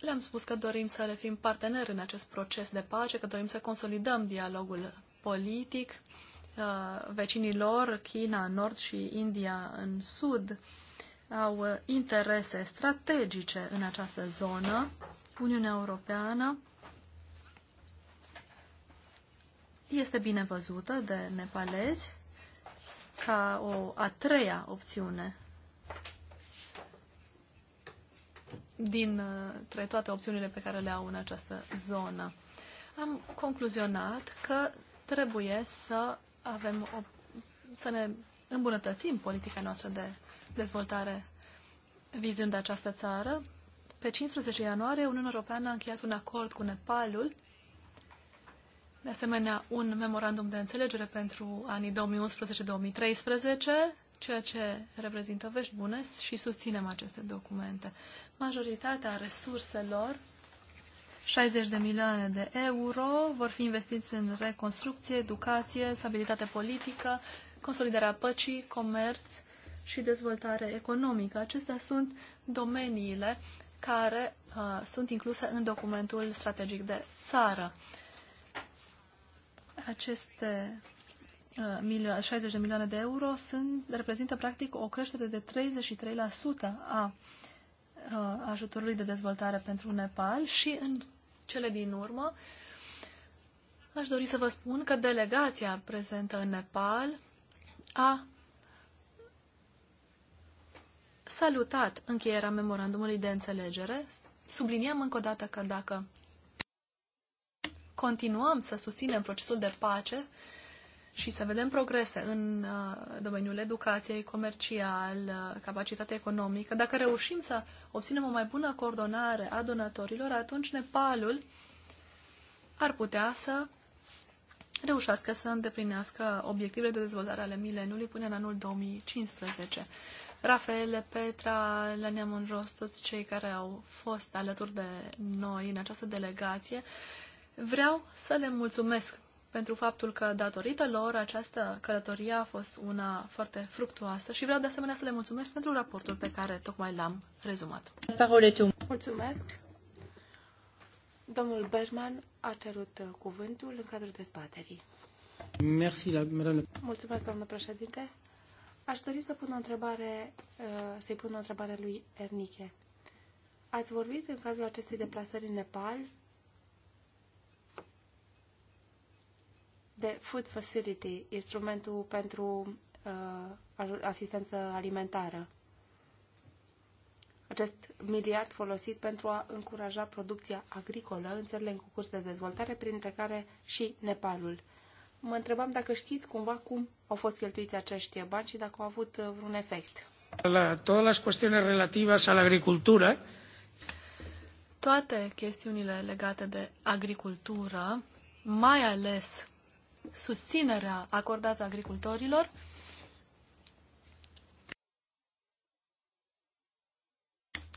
le-am spus că dorim să le fim parteneri în acest proces de pace, că dorim să consolidăm dialogul politic, uh, vecinii lor, China în nord și India în sud, au interese strategice în această zonă. Uniunea Europeană este bine văzută de nepalezi ca o a treia opțiune dintre uh, toate opțiunile pe care le au în această zonă. Am concluzionat că trebuie să avem o, să ne îmbunătățim politica noastră de dezvoltare vizând această țară. Pe 15 ianuarie, Uniunea Europeană a încheiat un acord cu Nepalul, de asemenea un memorandum de înțelegere pentru anii 2011-2013, ceea ce reprezintă vești bune și susținem aceste documente. Majoritatea resurselor, 60 de milioane de euro, vor fi investiți în reconstrucție, educație, stabilitate politică, consolidarea păcii, comerț și dezvoltare economică. Acestea sunt domeniile care uh, sunt incluse în documentul strategic de țară. Aceste 60 uh, uh, de milioane de euro sunt, reprezintă practic o creștere de 33% a uh, ajutorului de dezvoltare pentru Nepal și în cele din urmă aș dori să vă spun că delegația prezentă în Nepal a salutat încheierea memorandumului de înțelegere. Subliniem încă o dată că dacă continuăm să susținem procesul de pace, și să vedem progrese în uh, domeniul educației, comercial, uh, capacitate economică, dacă reușim să obținem o mai bună coordonare a donatorilor, atunci Nepalul ar putea să reușească să îndeplinească obiectivele de dezvoltare ale mileniului până în anul 2015. Rafael, Petra, Lania Monros, toți cei care au fost alături de noi în această delegație, vreau să le mulțumesc pentru faptul că, datorită lor, această călătorie a fost una foarte fructuoasă și vreau de asemenea să le mulțumesc pentru raportul pe care tocmai l-am rezumat. Mulțumesc. Domnul Berman a cerut uh, cuvântul în cadrul dezbaterii. Merci, Mulțumesc, doamnă președinte. Aș dori să pun o întrebare, uh, să-i pun o întrebare lui Ernike. Ați vorbit în cadrul acestei deplasări în Nepal de Food Facility, instrumentul pentru uh, asistență alimentară. Acest miliard folosit pentru a încuraja producția agricolă în țările în curs de dezvoltare, printre care și Nepalul. Mă întrebam dacă știți cumva cum au fost cheltuiți acești bani și dacă au avut uh, vreun efect. La todas las cuestiones relativas a la agricultura. Toate chestiunile legate de agricultură, mai ales susținerea acordată agricultorilor.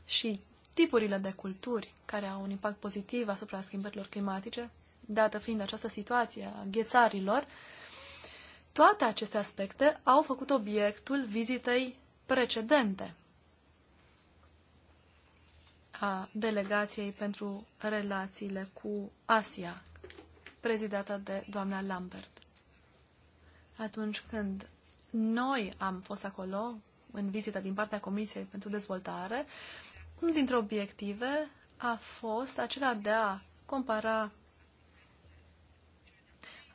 Și tipurile de culturi care au un impact pozitiv asupra schimbărilor climatice, dată fiind această situație a ghețarilor, toate aceste aspecte au făcut obiectul vizitei precedente a delegației pentru relațiile cu Asia prezidată de doamna Lambert. Atunci când noi am fost acolo, în vizită din partea Comisiei pentru Dezvoltare, unul dintre obiective a fost acela de a compara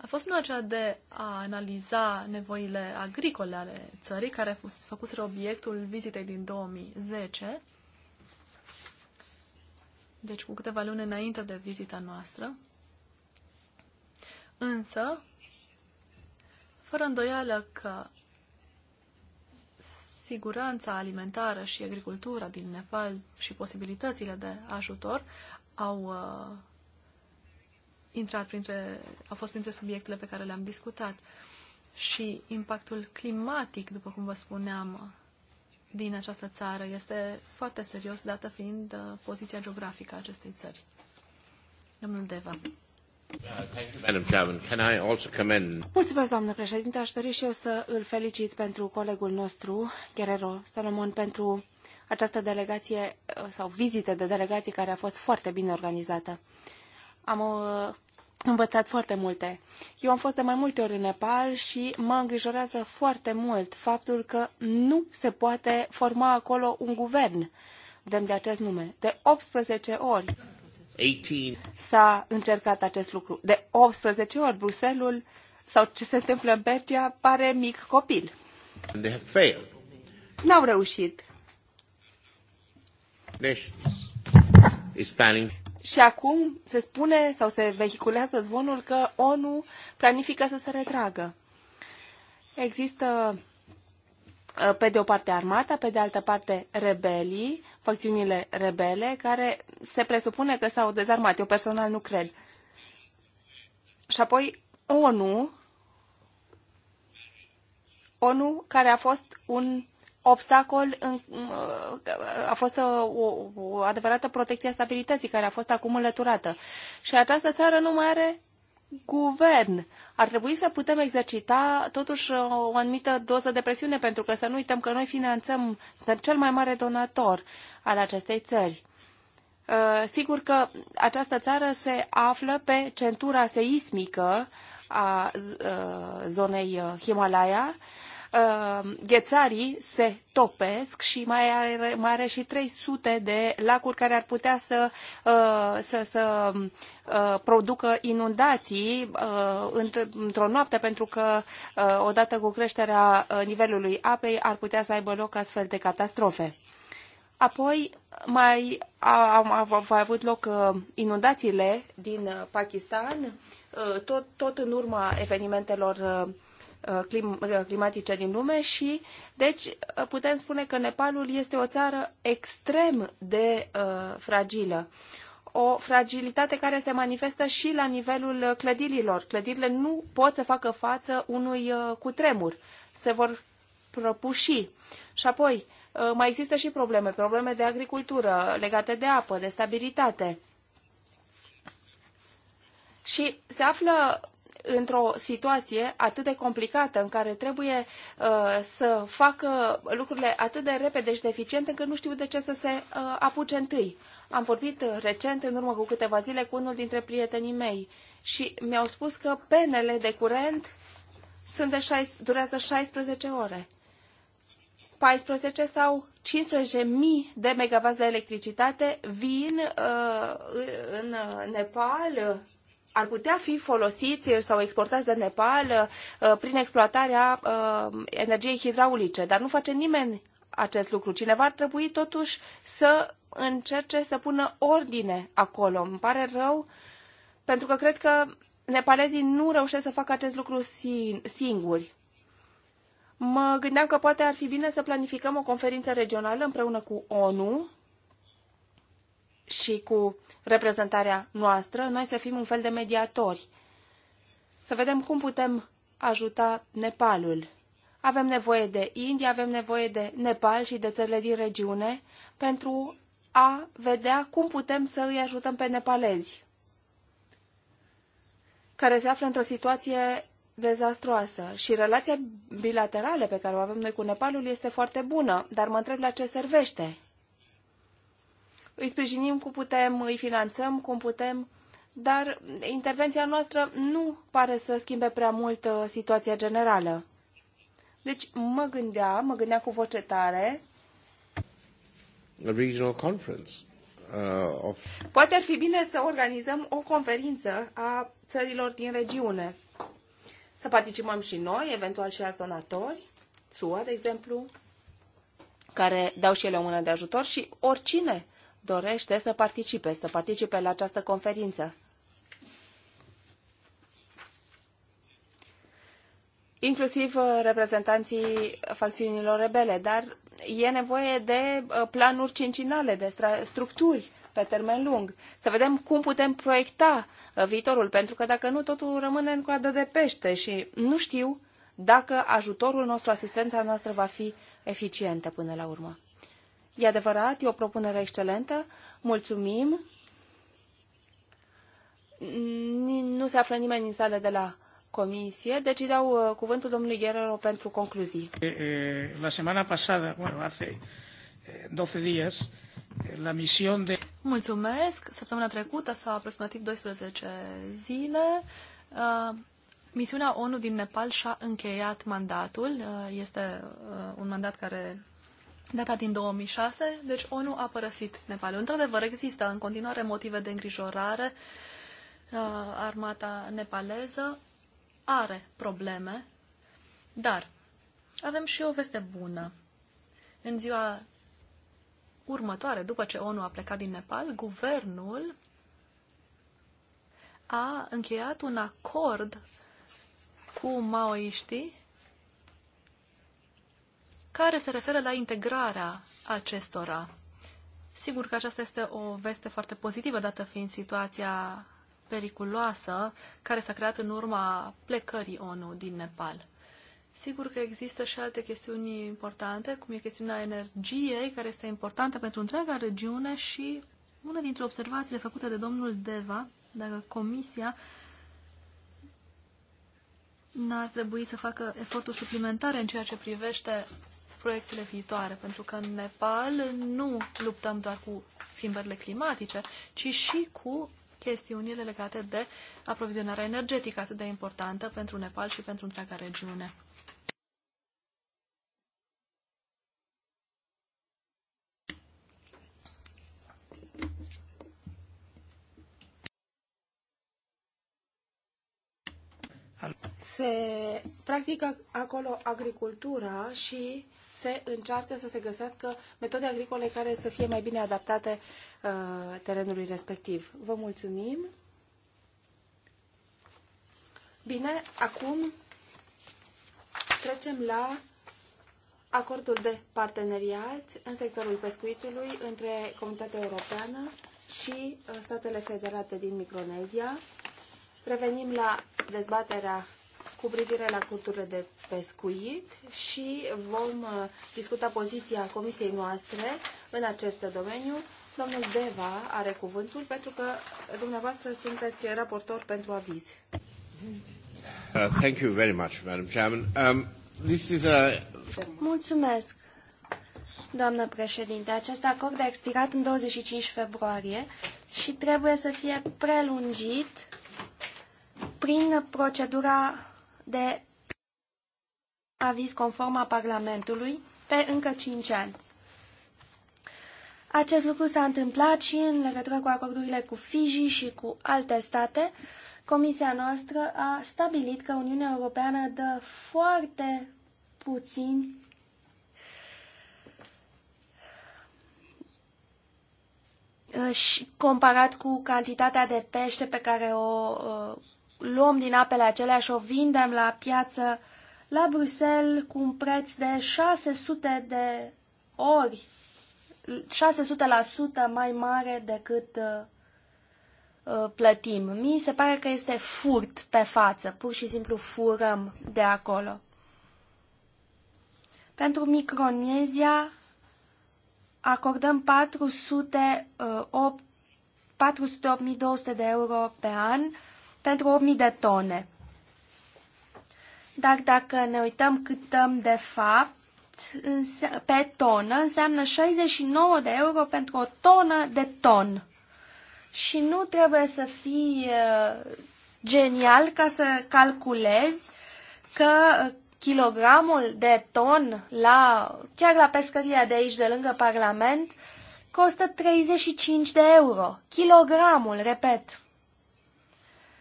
a fost nu acela de a analiza nevoile agricole ale țării, care a fost făcuseră obiectul vizitei din 2010, deci cu câteva luni înainte de vizita noastră, Însă, fără îndoială că siguranța alimentară și agricultura din Nepal și posibilitățile de ajutor au uh, intrat printre, au fost printre subiectele pe care le-am discutat. Și impactul climatic, după cum vă spuneam, din această țară este foarte serios, dată fiind uh, poziția geografică a acestei țări. Domnul Deva. Mulțumesc, doamnă președinte. Aș dori și eu să îl felicit pentru colegul nostru, Guerrero Salomon, pentru această delegație uh, sau vizită de delegație care a fost foarte bine organizată. Am uh, învățat foarte multe. Eu am fost de mai multe ori în Nepal și mă îngrijorează foarte mult faptul că nu se poate forma acolo un guvern demn de acest nume. De 18 ori S-a încercat acest lucru. De 18 ori Bruselul sau ce se întâmplă în Belgia pare mic copil. N-au reușit. Și acum se spune sau se vehiculează zvonul că ONU planifică să se retragă. Există uh, pe de o parte armata, pe de altă parte rebelii, facțiunile rebele, care se presupune că s-au dezarmat. Eu personal nu cred. Și apoi ONU, ONU care a fost un obstacol, în, uh, a fost uh, o, o adevărată protecție a stabilității care a fost acum înlăturată. Și această țară nu mai are guvern. Ar trebui să putem exercita totuși o anumită doză de presiune, pentru că să nu uităm că noi finanțăm, suntem cel mai mare donator al acestei țări. Uh, sigur că această țară se află pe centura seismică a uh, zonei uh, Himalaya. Ghețarii se topesc și mai are, mai are și 300 de lacuri care ar putea să, să, să producă inundații într-o noapte, pentru că odată cu creșterea nivelului apei ar putea să aibă loc astfel de catastrofe. Apoi mai au, au, au avut loc uh, inundațiile din uh, Pakistan, uh, tot, tot în urma evenimentelor clim, climatice din lume și, deci, putem spune că Nepalul este o țară extrem de uh, fragilă. O fragilitate care se manifestă și la nivelul clădirilor. Clădirile nu pot să facă față unui uh, cutremur. Se vor prăpuși. Și apoi, Uh, mai există și probleme, probleme de agricultură, legate de apă, de stabilitate. Și se află într-o situație atât de complicată în care trebuie uh, să facă lucrurile atât de repede și de eficient încât nu știu de ce să se uh, apuce întâi. Am vorbit uh, recent, în urmă cu câteva zile, cu unul dintre prietenii mei și mi-au spus că penele de curent sunt de 6, durează 16 ore. 14 sau 15.000 de megavați de electricitate vin uh, în Nepal, ar putea fi folosiți sau exportați de Nepal uh, prin exploatarea uh, energiei hidraulice, dar nu face nimeni acest lucru. Cineva ar trebui totuși să încerce să pună ordine acolo. Îmi pare rău pentru că cred că nepalezii nu reușesc să facă acest lucru singuri Mă gândeam că poate ar fi bine să planificăm o conferință regională împreună cu ONU și cu reprezentarea noastră, noi să fim un fel de mediatori. Să vedem cum putem ajuta Nepalul. Avem nevoie de India, avem nevoie de Nepal și de țările din regiune pentru a vedea cum putem să îi ajutăm pe nepalezi care se află într-o situație dezastroasă și relația bilaterală pe care o avem noi cu Nepalul este foarte bună, dar mă întreb la ce servește. Îi sprijinim cum putem, îi finanțăm cum putem, dar intervenția noastră nu pare să schimbe prea mult uh, situația generală. Deci mă gândeam, mă gândeam cu voce tare. A regional conference. Uh, of... Poate ar fi bine să organizăm o conferință a țărilor din regiune să participăm și noi, eventual și alți donatori, SUA, de exemplu, care dau și ele o mână de ajutor și oricine dorește să participe, să participe la această conferință. inclusiv uh, reprezentanții facțiunilor rebele, dar e nevoie de uh, planuri cincinale, de structuri pe termen lung, să vedem cum putem proiecta uh, viitorul, pentru că dacă nu, totul rămâne în coadă de pește și nu știu dacă ajutorul nostru, asistența noastră va fi eficientă până la urmă. E adevărat, e o propunere excelentă, mulțumim. Nu se află nimeni în sală de la comisie, deci dau uh, cuvântul domnului Guerrero pentru concluzii. Eh, eh, la semana pasada, bueno, hace 12 eh, días, Mulțumesc! Săptămâna trecută sau aproximativ 12 zile, uh, misiunea ONU din Nepal și-a încheiat mandatul. Uh, este uh, un mandat care data din 2006, deci ONU a părăsit Nepalul. Într-adevăr, există în continuare motive de îngrijorare. Armata nepaleză are probleme, dar avem și o veste bună. În ziua următoare, după ce ONU a plecat din Nepal, guvernul a încheiat un acord cu maoiștii care se referă la integrarea acestora. Sigur că aceasta este o veste foarte pozitivă, dată fiind situația periculoasă care s-a creat în urma plecării ONU din Nepal. Sigur că există și alte chestiuni importante, cum e chestiunea energiei, care este importantă pentru întreaga regiune și una dintre observațiile făcute de domnul Deva, dacă Comisia n-ar trebui să facă eforturi suplimentare în ceea ce privește proiectele viitoare, pentru că în Nepal nu luptăm doar cu schimbările climatice, ci și cu chestiunile legate de aprovizionarea energetică atât de importantă pentru Nepal și pentru întreaga regiune. Se practică acolo agricultura și se încearcă să se găsească metode agricole care să fie mai bine adaptate uh, terenului respectiv. Vă mulțumim! Bine, acum trecem la acordul de parteneriat în sectorul pescuitului între Comunitatea Europeană și uh, statele federate din Micronezia. Revenim la dezbaterea cu privire la culturile de pescuit și vom uh, discuta poziția comisiei noastre în acest domeniu. Domnul Deva are cuvântul pentru că dumneavoastră sunteți raportor pentru aviz. Uh, thank you very much, Madam Chairman. Um, this is a... Mulțumesc, doamnă președinte. Acest acord a expirat în 25 februarie și trebuie să fie prelungit prin procedura de aviz conform a Parlamentului pe încă 5 ani. Acest lucru s-a întâmplat și în legătură cu acordurile cu Fiji și cu alte state. Comisia noastră a stabilit că Uniunea Europeană dă foarte puțin și comparat cu cantitatea de pește pe care o uh, luăm din apele acelea și o vindem la piață la Bruxelles cu un preț de 600 de ori, 600% mai mare decât uh, uh, plătim. Mi se pare că este furt pe față, pur și simplu furăm de acolo. Pentru Micronezia acordăm 408 408.200 uh, de euro pe an pentru 8.000 de tone. Dar dacă ne uităm cât dăm de fapt, pe tonă înseamnă 69 de euro pentru o tonă de ton. Și nu trebuie să fii uh, genial ca să calculezi că uh, kilogramul de ton la, chiar la pescăria de aici, de lângă Parlament, costă 35 de euro. Kilogramul, repet.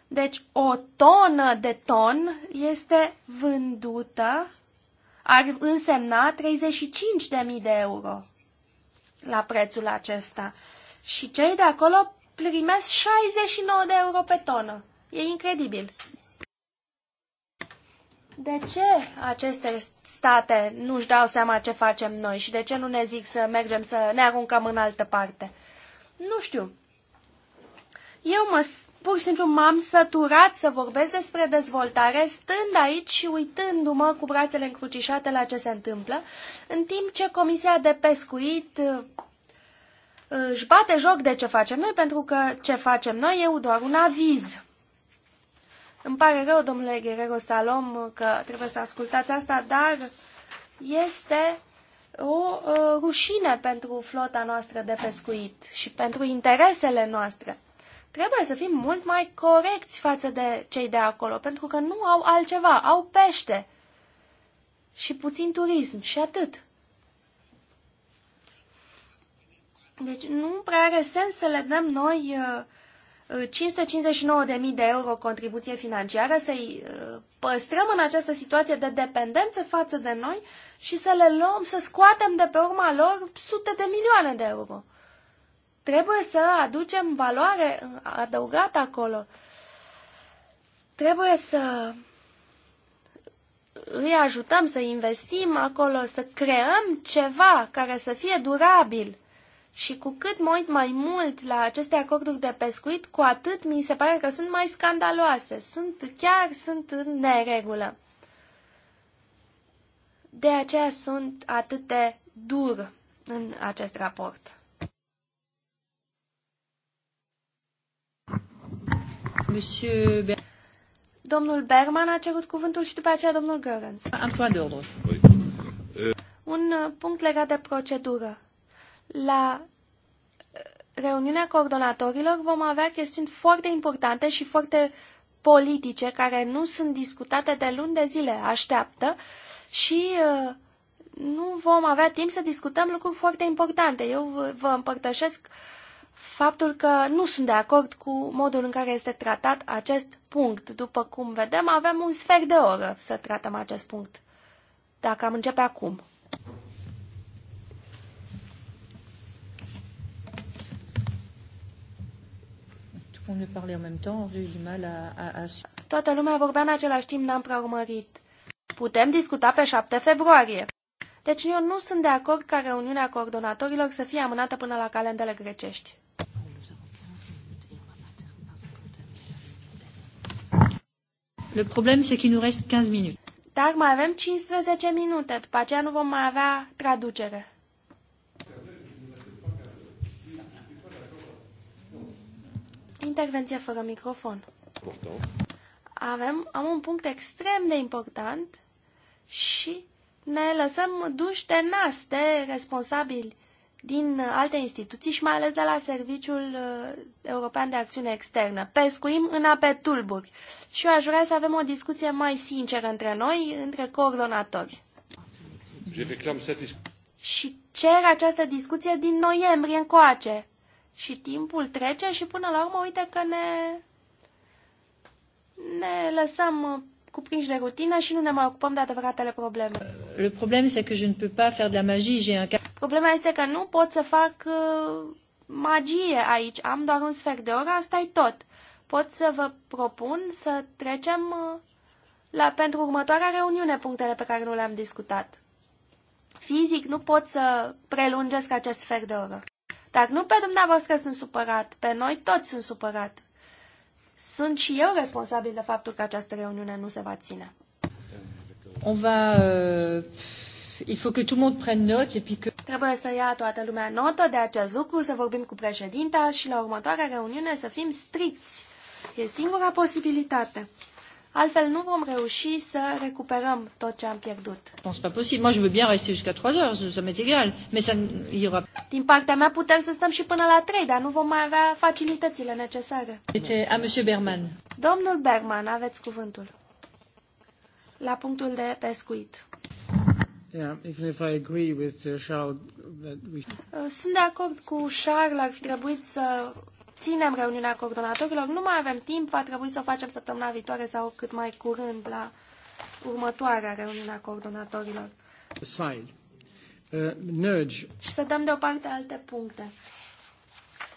Deci o tonă de ton este vândută, ar însemna 35.000 de euro la prețul acesta. Și cei de acolo primesc 69 de euro pe tonă. E incredibil. De ce aceste state nu-și dau seama ce facem noi și de ce nu ne zic să mergem să ne aruncăm în altă parte? Nu știu. Eu mă, pur și simplu m-am săturat să vorbesc despre dezvoltare, stând aici și uitându-mă cu brațele încrucișate la ce se întâmplă, în timp ce Comisia de Pescuit uh, uh, își bate joc de ce facem noi, pentru că ce facem noi e doar un aviz. Îmi pare rău, domnule Guerrero Salom, că trebuie să ascultați asta, dar este o uh, rușine pentru flota noastră de pescuit și pentru interesele noastre. Trebuie să fim mult mai corecți față de cei de acolo, pentru că nu au altceva, au pește și puțin turism și atât. Deci nu prea are sens să le dăm noi 559.000 uh, uh, de euro contribuție financiară, să-i uh, păstrăm în această situație de dependență față de noi și să le luăm, să scoatem de pe urma lor sute de milioane de euro. Trebuie să aducem valoare uh, adăugată acolo. Trebuie să îi ajutăm să investim acolo, să creăm ceva care să fie durabil. Și cu cât mă uit mai mult la aceste acorduri de pescuit, cu atât mi se pare că sunt mai scandaloase. Sunt chiar sunt în neregulă. De aceea sunt atât de dur în acest raport. Domnul Berman a cerut cuvântul și după aceea domnul Görens. Un euh. uh, punct legat de procedură. La uh, reuniunea coordonatorilor vom avea chestiuni foarte importante și foarte politice care nu sunt discutate de luni de zile, așteaptă și uh, nu vom avea timp să discutăm lucruri foarte importante. Eu vă împărtășesc uh, faptul că nu sunt de acord cu modul în care este tratat acest punct. După cum vedem, avem un sfert de oră să tratăm acest punct. Dacă am începe acum. Toată lumea vorbea în același timp, n-am prea urmărit. Putem discuta pe 7 februarie. Deci eu nu sunt de acord ca reuniunea coordonatorilor să fie amânată până la calendele grecești. Le problème, c'est qu'il nous reste 15 minutes. Dar mai avem 15 minute, după aceea nu vom mai avea traducere. Intervenție fără microfon. Avem, am un punct extrem de important și ne lăsăm duși de nas de responsabili din uh, alte instituții și mai ales de la Serviciul uh, European de Acțiune Externă. Pescuim în ape tulburi și eu aș vrea să avem o discuție mai sinceră între noi, între coordonatori. Și cer această discuție din noiembrie încoace. Și timpul trece și până la urmă uite că ne, ne lăsăm uh, cuprinși de rutină și nu ne mai ocupăm de adevăratele probleme. Le problem este că je ne peux pas faire de la magie, j'ai un Problema este că nu pot să fac uh, magie aici, am doar un sfert de oră, asta e tot. Pot să vă propun să trecem uh, la, pentru următoarea reuniune punctele pe care nu le-am discutat. Fizic nu pot să prelungesc acest sfert de oră. Dar nu pe dumneavoastră sunt supărat, pe noi toți sunt supărat sunt și eu responsabil de faptul că această reuniune nu se va ține. On va, uh, il faut que tout le monde prenne note et puis que... Trebuie să ia toată lumea notă de acest lucru, să vorbim cu președinta și la următoarea reuniune să fim stricți. E singura posibilitate. Altfel nu vom reuși să recuperăm tot ce am pierdut. Din partea mea putem să stăm și până la 3, dar nu vom mai avea facilitățile necesare. A deci, monsieur Berman. Domnul Berman, aveți cuvântul. La punctul de pescuit. Uh, Sunt de acord cu Charles, ar fi trebuit să ținem reuniunea coordonatorilor. Nu mai avem timp, va trebui să o facem săptămâna viitoare sau cât mai curând la următoarea reuniune a coordonatorilor. Aside. Uh, nudge. Și să dăm deoparte alte puncte.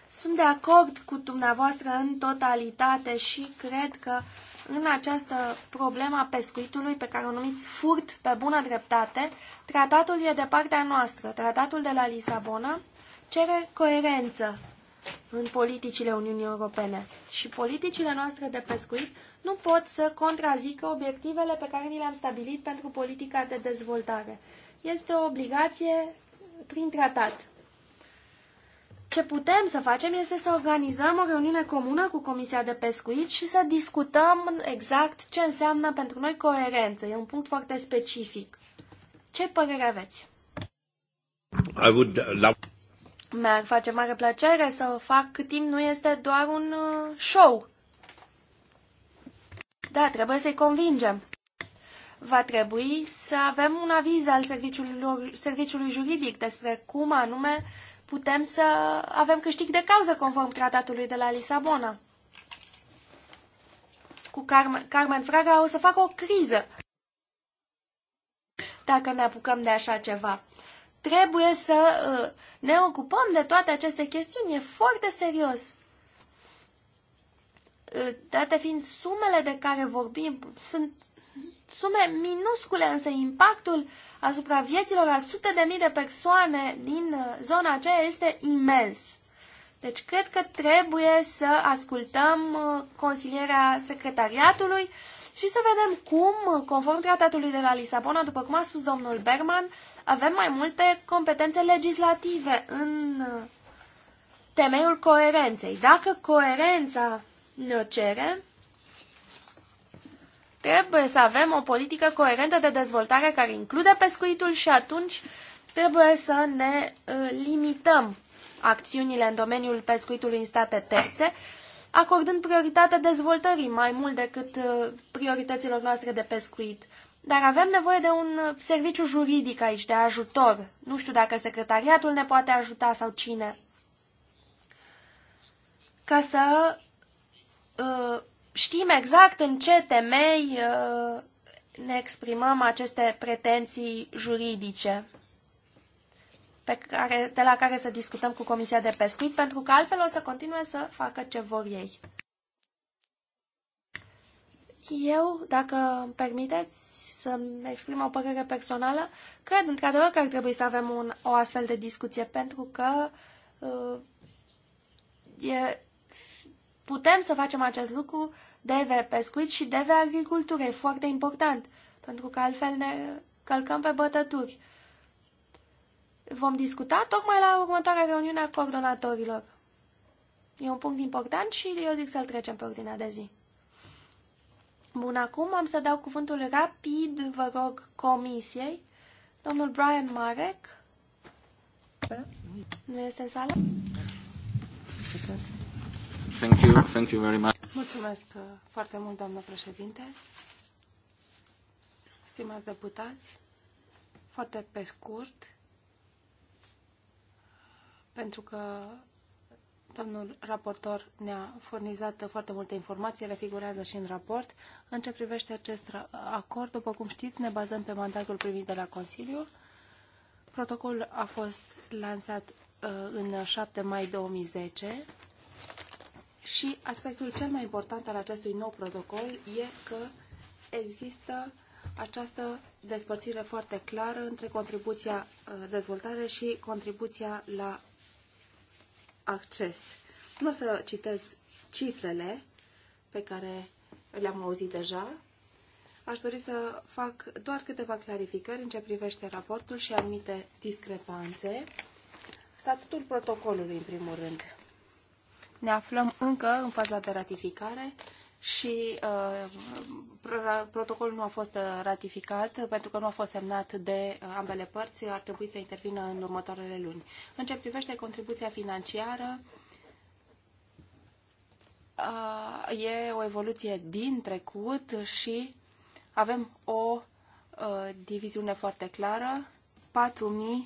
Sunt de acord cu dumneavoastră în totalitate și cred că în această problemă a pescuitului pe care o numiți furt pe bună dreptate, tratatul e de partea noastră. Tratatul de la Lisabona cere coerență în politicile Uniunii Europene. Și politicile noastre de pescuit nu pot să contrazică obiectivele pe care ni le-am stabilit pentru politica de dezvoltare. Este o obligație prin tratat. Ce putem să facem este să organizăm o reuniune comună cu Comisia de Pescuit și să discutăm exact ce înseamnă pentru noi coerență. E un punct foarte specific. Ce părere aveți? I would uh, love... Mi-ar face mare plăcere să o fac cât timp nu este doar un uh, show. Da, trebuie să-i convingem. Va trebui să avem un aviz al serviciului, serviciului juridic despre cum anume putem să avem câștig de cauză conform tratatului de la Lisabona. Cu Carmen, Carmen Fraga o să fac o criză dacă ne apucăm de așa ceva trebuie să uh, ne ocupăm de toate aceste chestiuni. E foarte serios. Uh, date fiind sumele de care vorbim, sunt sume minuscule, însă impactul asupra vieților a sute de mii de persoane din uh, zona aceea este imens. Deci cred că trebuie să ascultăm consilierea secretariatului și să vedem cum, conform tratatului de la Lisabona, după cum a spus domnul Berman, avem mai multe competențe legislative în temeiul coerenței. Dacă coerența ne-o cere, trebuie să avem o politică coerentă de dezvoltare care include pescuitul și atunci trebuie să ne uh, limităm acțiunile în domeniul pescuitului în state terțe, acordând prioritate dezvoltării mai mult decât uh, priorităților noastre de pescuit. Dar avem nevoie de un uh, serviciu juridic aici, de ajutor. Nu știu dacă secretariatul ne poate ajuta sau cine. Ca să uh, știm exact în ce temei uh, ne exprimăm aceste pretenții juridice pe care, de la care să discutăm cu Comisia de Pescuit, pentru că altfel o să continue să facă ce vor ei. Eu, dacă îmi permiteți, să-mi exprim o părere personală, cred într-adevăr că ar trebui să avem un, o astfel de discuție, pentru că uh, e, putem să facem acest lucru deve pescuit și deve agricultură. E foarte important, pentru că altfel ne călcăm pe bătături. Vom discuta tocmai la următoarea reuniune a coordonatorilor. E un punct important și eu zic să-l trecem pe ordinea de zi. Bun, acum am să dau cuvântul rapid, vă rog, comisiei. Domnul Brian Marek. Nu este în sală? Thank you, thank you very much. Mulțumesc foarte mult, doamnă președinte. Stimați deputați, foarte pe scurt, pentru că Domnul raportor ne-a furnizat foarte multe informații, ele figurează și în raport. În ce privește acest acord, după cum știți, ne bazăm pe mandatul primit de la Consiliu. Protocolul a fost lansat uh, în 7 mai 2010 și aspectul cel mai important al acestui nou protocol e că există această despărțire foarte clară între contribuția uh, dezvoltare și contribuția la acces. Nu o să citez cifrele pe care le-am auzit deja. Aș dori să fac doar câteva clarificări în ce privește raportul și anumite discrepanțe. Statutul protocolului, în primul rând. Ne aflăm încă în faza de ratificare și uh, protocolul nu a fost uh, ratificat pentru că nu a fost semnat de uh, ambele părți, ar trebui să intervină în următoarele luni. În ce privește contribuția financiară, e o evoluție din trecut și avem o diviziune foarte clară, 4.000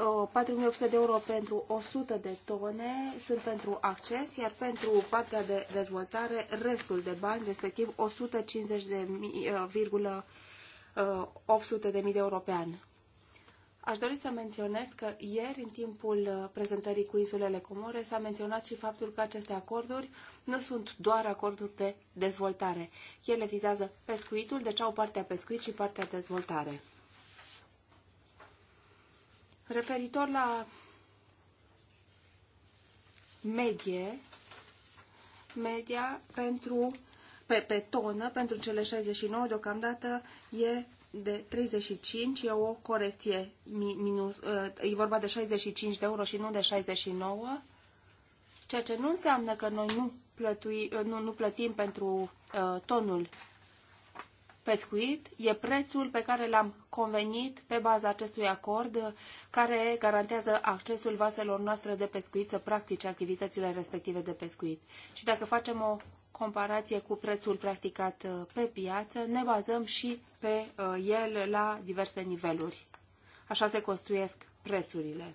4.800 uh, de euro pentru 100 de tone sunt pentru acces, iar pentru partea de dezvoltare, restul de bani, respectiv 150,800 uh, uh, de mii de euro pe an. Aș dori să menționez că ieri, în timpul prezentării cu insulele Comore, s-a menționat și faptul că aceste acorduri nu sunt doar acorduri de dezvoltare. Ele vizează pescuitul, deci au partea pescuit și partea dezvoltare. Referitor la medie, media pentru, pe, pe tonă pentru cele 69 deocamdată e de 35, e o corecție, minus, ă, e vorba de 65 de euro și nu de 69, ceea ce nu înseamnă că noi nu, plătui, nu, nu plătim pentru uh, tonul pescuit e prețul pe care l-am convenit pe baza acestui acord care garantează accesul vaselor noastre de pescuit să practice activitățile respective de pescuit. Și dacă facem o comparație cu prețul practicat uh, pe piață, ne bazăm și pe uh, el la diverse niveluri. Așa se construiesc prețurile.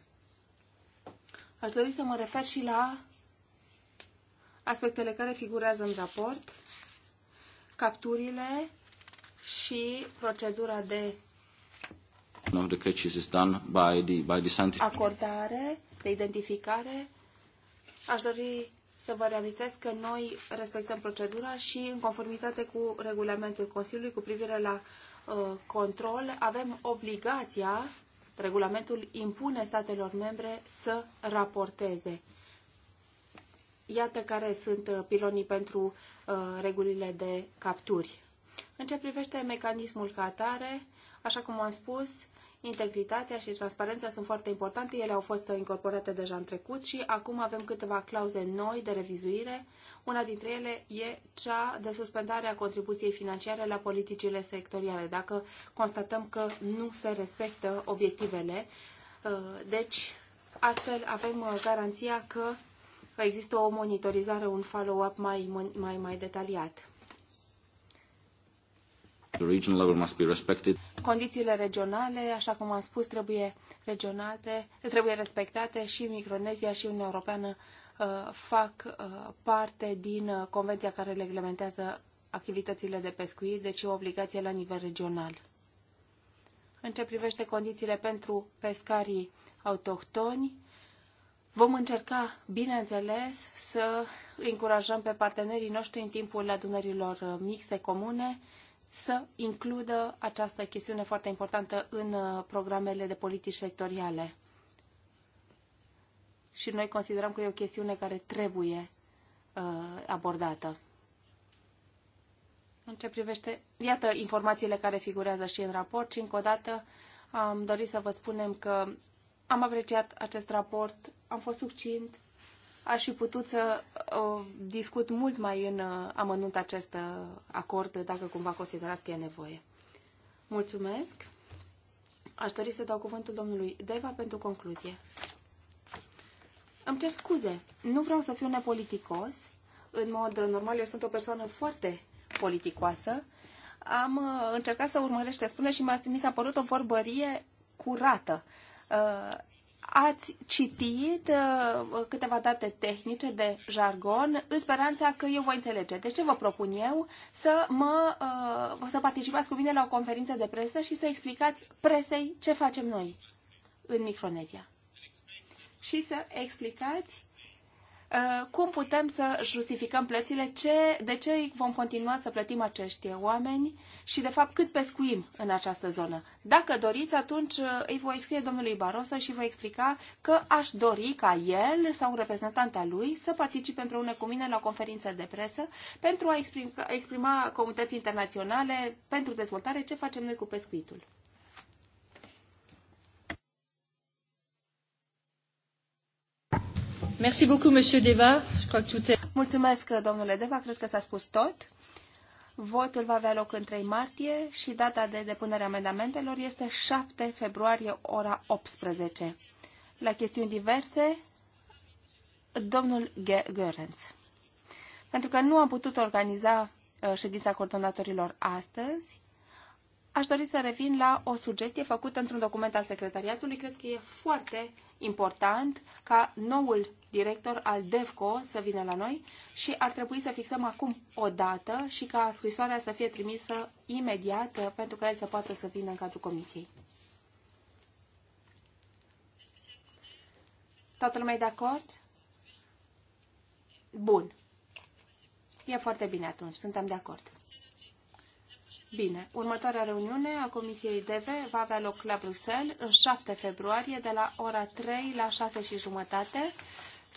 Aș dori să mă refer și la aspectele care figurează în raport, capturile și procedura de the catches is done by the, by the scientific... acordare, de identificare. Aș dori să vă reamintesc că noi respectăm procedura și în conformitate cu regulamentul Consiliului cu privire la uh, control avem obligația, regulamentul impune statelor membre să raporteze. Iată care sunt uh, pilonii pentru uh, regulile de capturi. În ce privește mecanismul ca atare, așa cum am spus, integritatea și transparența sunt foarte importante, ele au fost incorporate deja în trecut și acum avem câteva clauze noi de revizuire. Una dintre ele e cea de suspendare a contribuției financiare la politicile sectoriale, dacă constatăm că nu se respectă obiectivele. Uh, deci, astfel avem uh, garanția că există o monitorizare, un follow-up mai, mai, mai detaliat. Condițiile regionale, așa cum am spus, trebuie regionate, trebuie respectate și Micronezia și Uniunea Europeană uh, fac uh, parte din uh, convenția care reglementează activitățile de pescuit, deci e o obligație la nivel regional. În ce privește condițiile pentru pescarii autohtoni, vom încerca, bineînțeles, să încurajăm pe partenerii noștri în timpul adunărilor mixte comune să includă această chestiune foarte importantă în uh, programele de politici sectoriale. Și noi considerăm că e o chestiune care trebuie uh, abordată. În ce privește, iată informațiile care figurează și în raport și încă o dată am dorit să vă spunem că am apreciat acest raport, am fost succint, aș fi putut să discut mult mai în uh, amănunt acest uh, acord, dacă cumva considerați că e nevoie. Mulțumesc. Aș dori să dau cuvântul domnului Deva pentru concluzie. Îmi cer scuze, nu vreau să fiu nepoliticos. În mod normal, eu sunt o persoană foarte politicoasă. Am uh, încercat să urmărește, spune, și mi s-a părut o vorbărie curată ați citit uh, câteva date tehnice de jargon în speranța că eu voi înțelege. Deci ce vă propun eu? Să, mă, uh, să participați cu mine la o conferință de presă și să explicați presei ce facem noi în Micronezia. Și să explicați Uh, cum putem să justificăm plățile, ce, de ce vom continua să plătim acești oameni și, de fapt, cât pescuim în această zonă. Dacă doriți, atunci uh, îi voi scrie domnului Barroso și voi explica că aș dori ca el sau un reprezentant al lui să participe împreună cu mine la o conferință de presă pentru a exprima, exprima comunității internaționale pentru dezvoltare ce facem noi cu pescuitul. Merci beaucoup, Monsieur Deva. Je crois que tout est... Mulțumesc, domnule Deva. Cred că s-a spus tot. Votul va avea loc în 3 martie și data de depunere a amendamentelor este 7 februarie, ora 18. La chestiuni diverse, domnul G. Pentru că nu am putut organiza uh, ședința coordonatorilor astăzi, aș dori să revin la o sugestie făcută într-un document al secretariatului. Cred că e foarte important ca noul director al DEVCO să vină la noi și ar trebui să fixăm acum o dată și ca scrisoarea să fie trimisă imediat uh, pentru ca el să poată să vină în cadrul comisiei. Toată lumea e de acord? Bun. E foarte bine atunci, suntem de acord. Bine, următoarea reuniune a Comisiei DV va avea loc la Bruxelles în 7 februarie de la ora 3 la 6 și jumătate.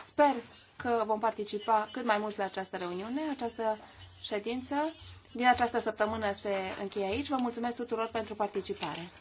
Sper că vom participa cât mai mulți la această reuniune, această ședință. Din această săptămână se încheie aici. Vă mulțumesc tuturor pentru participare.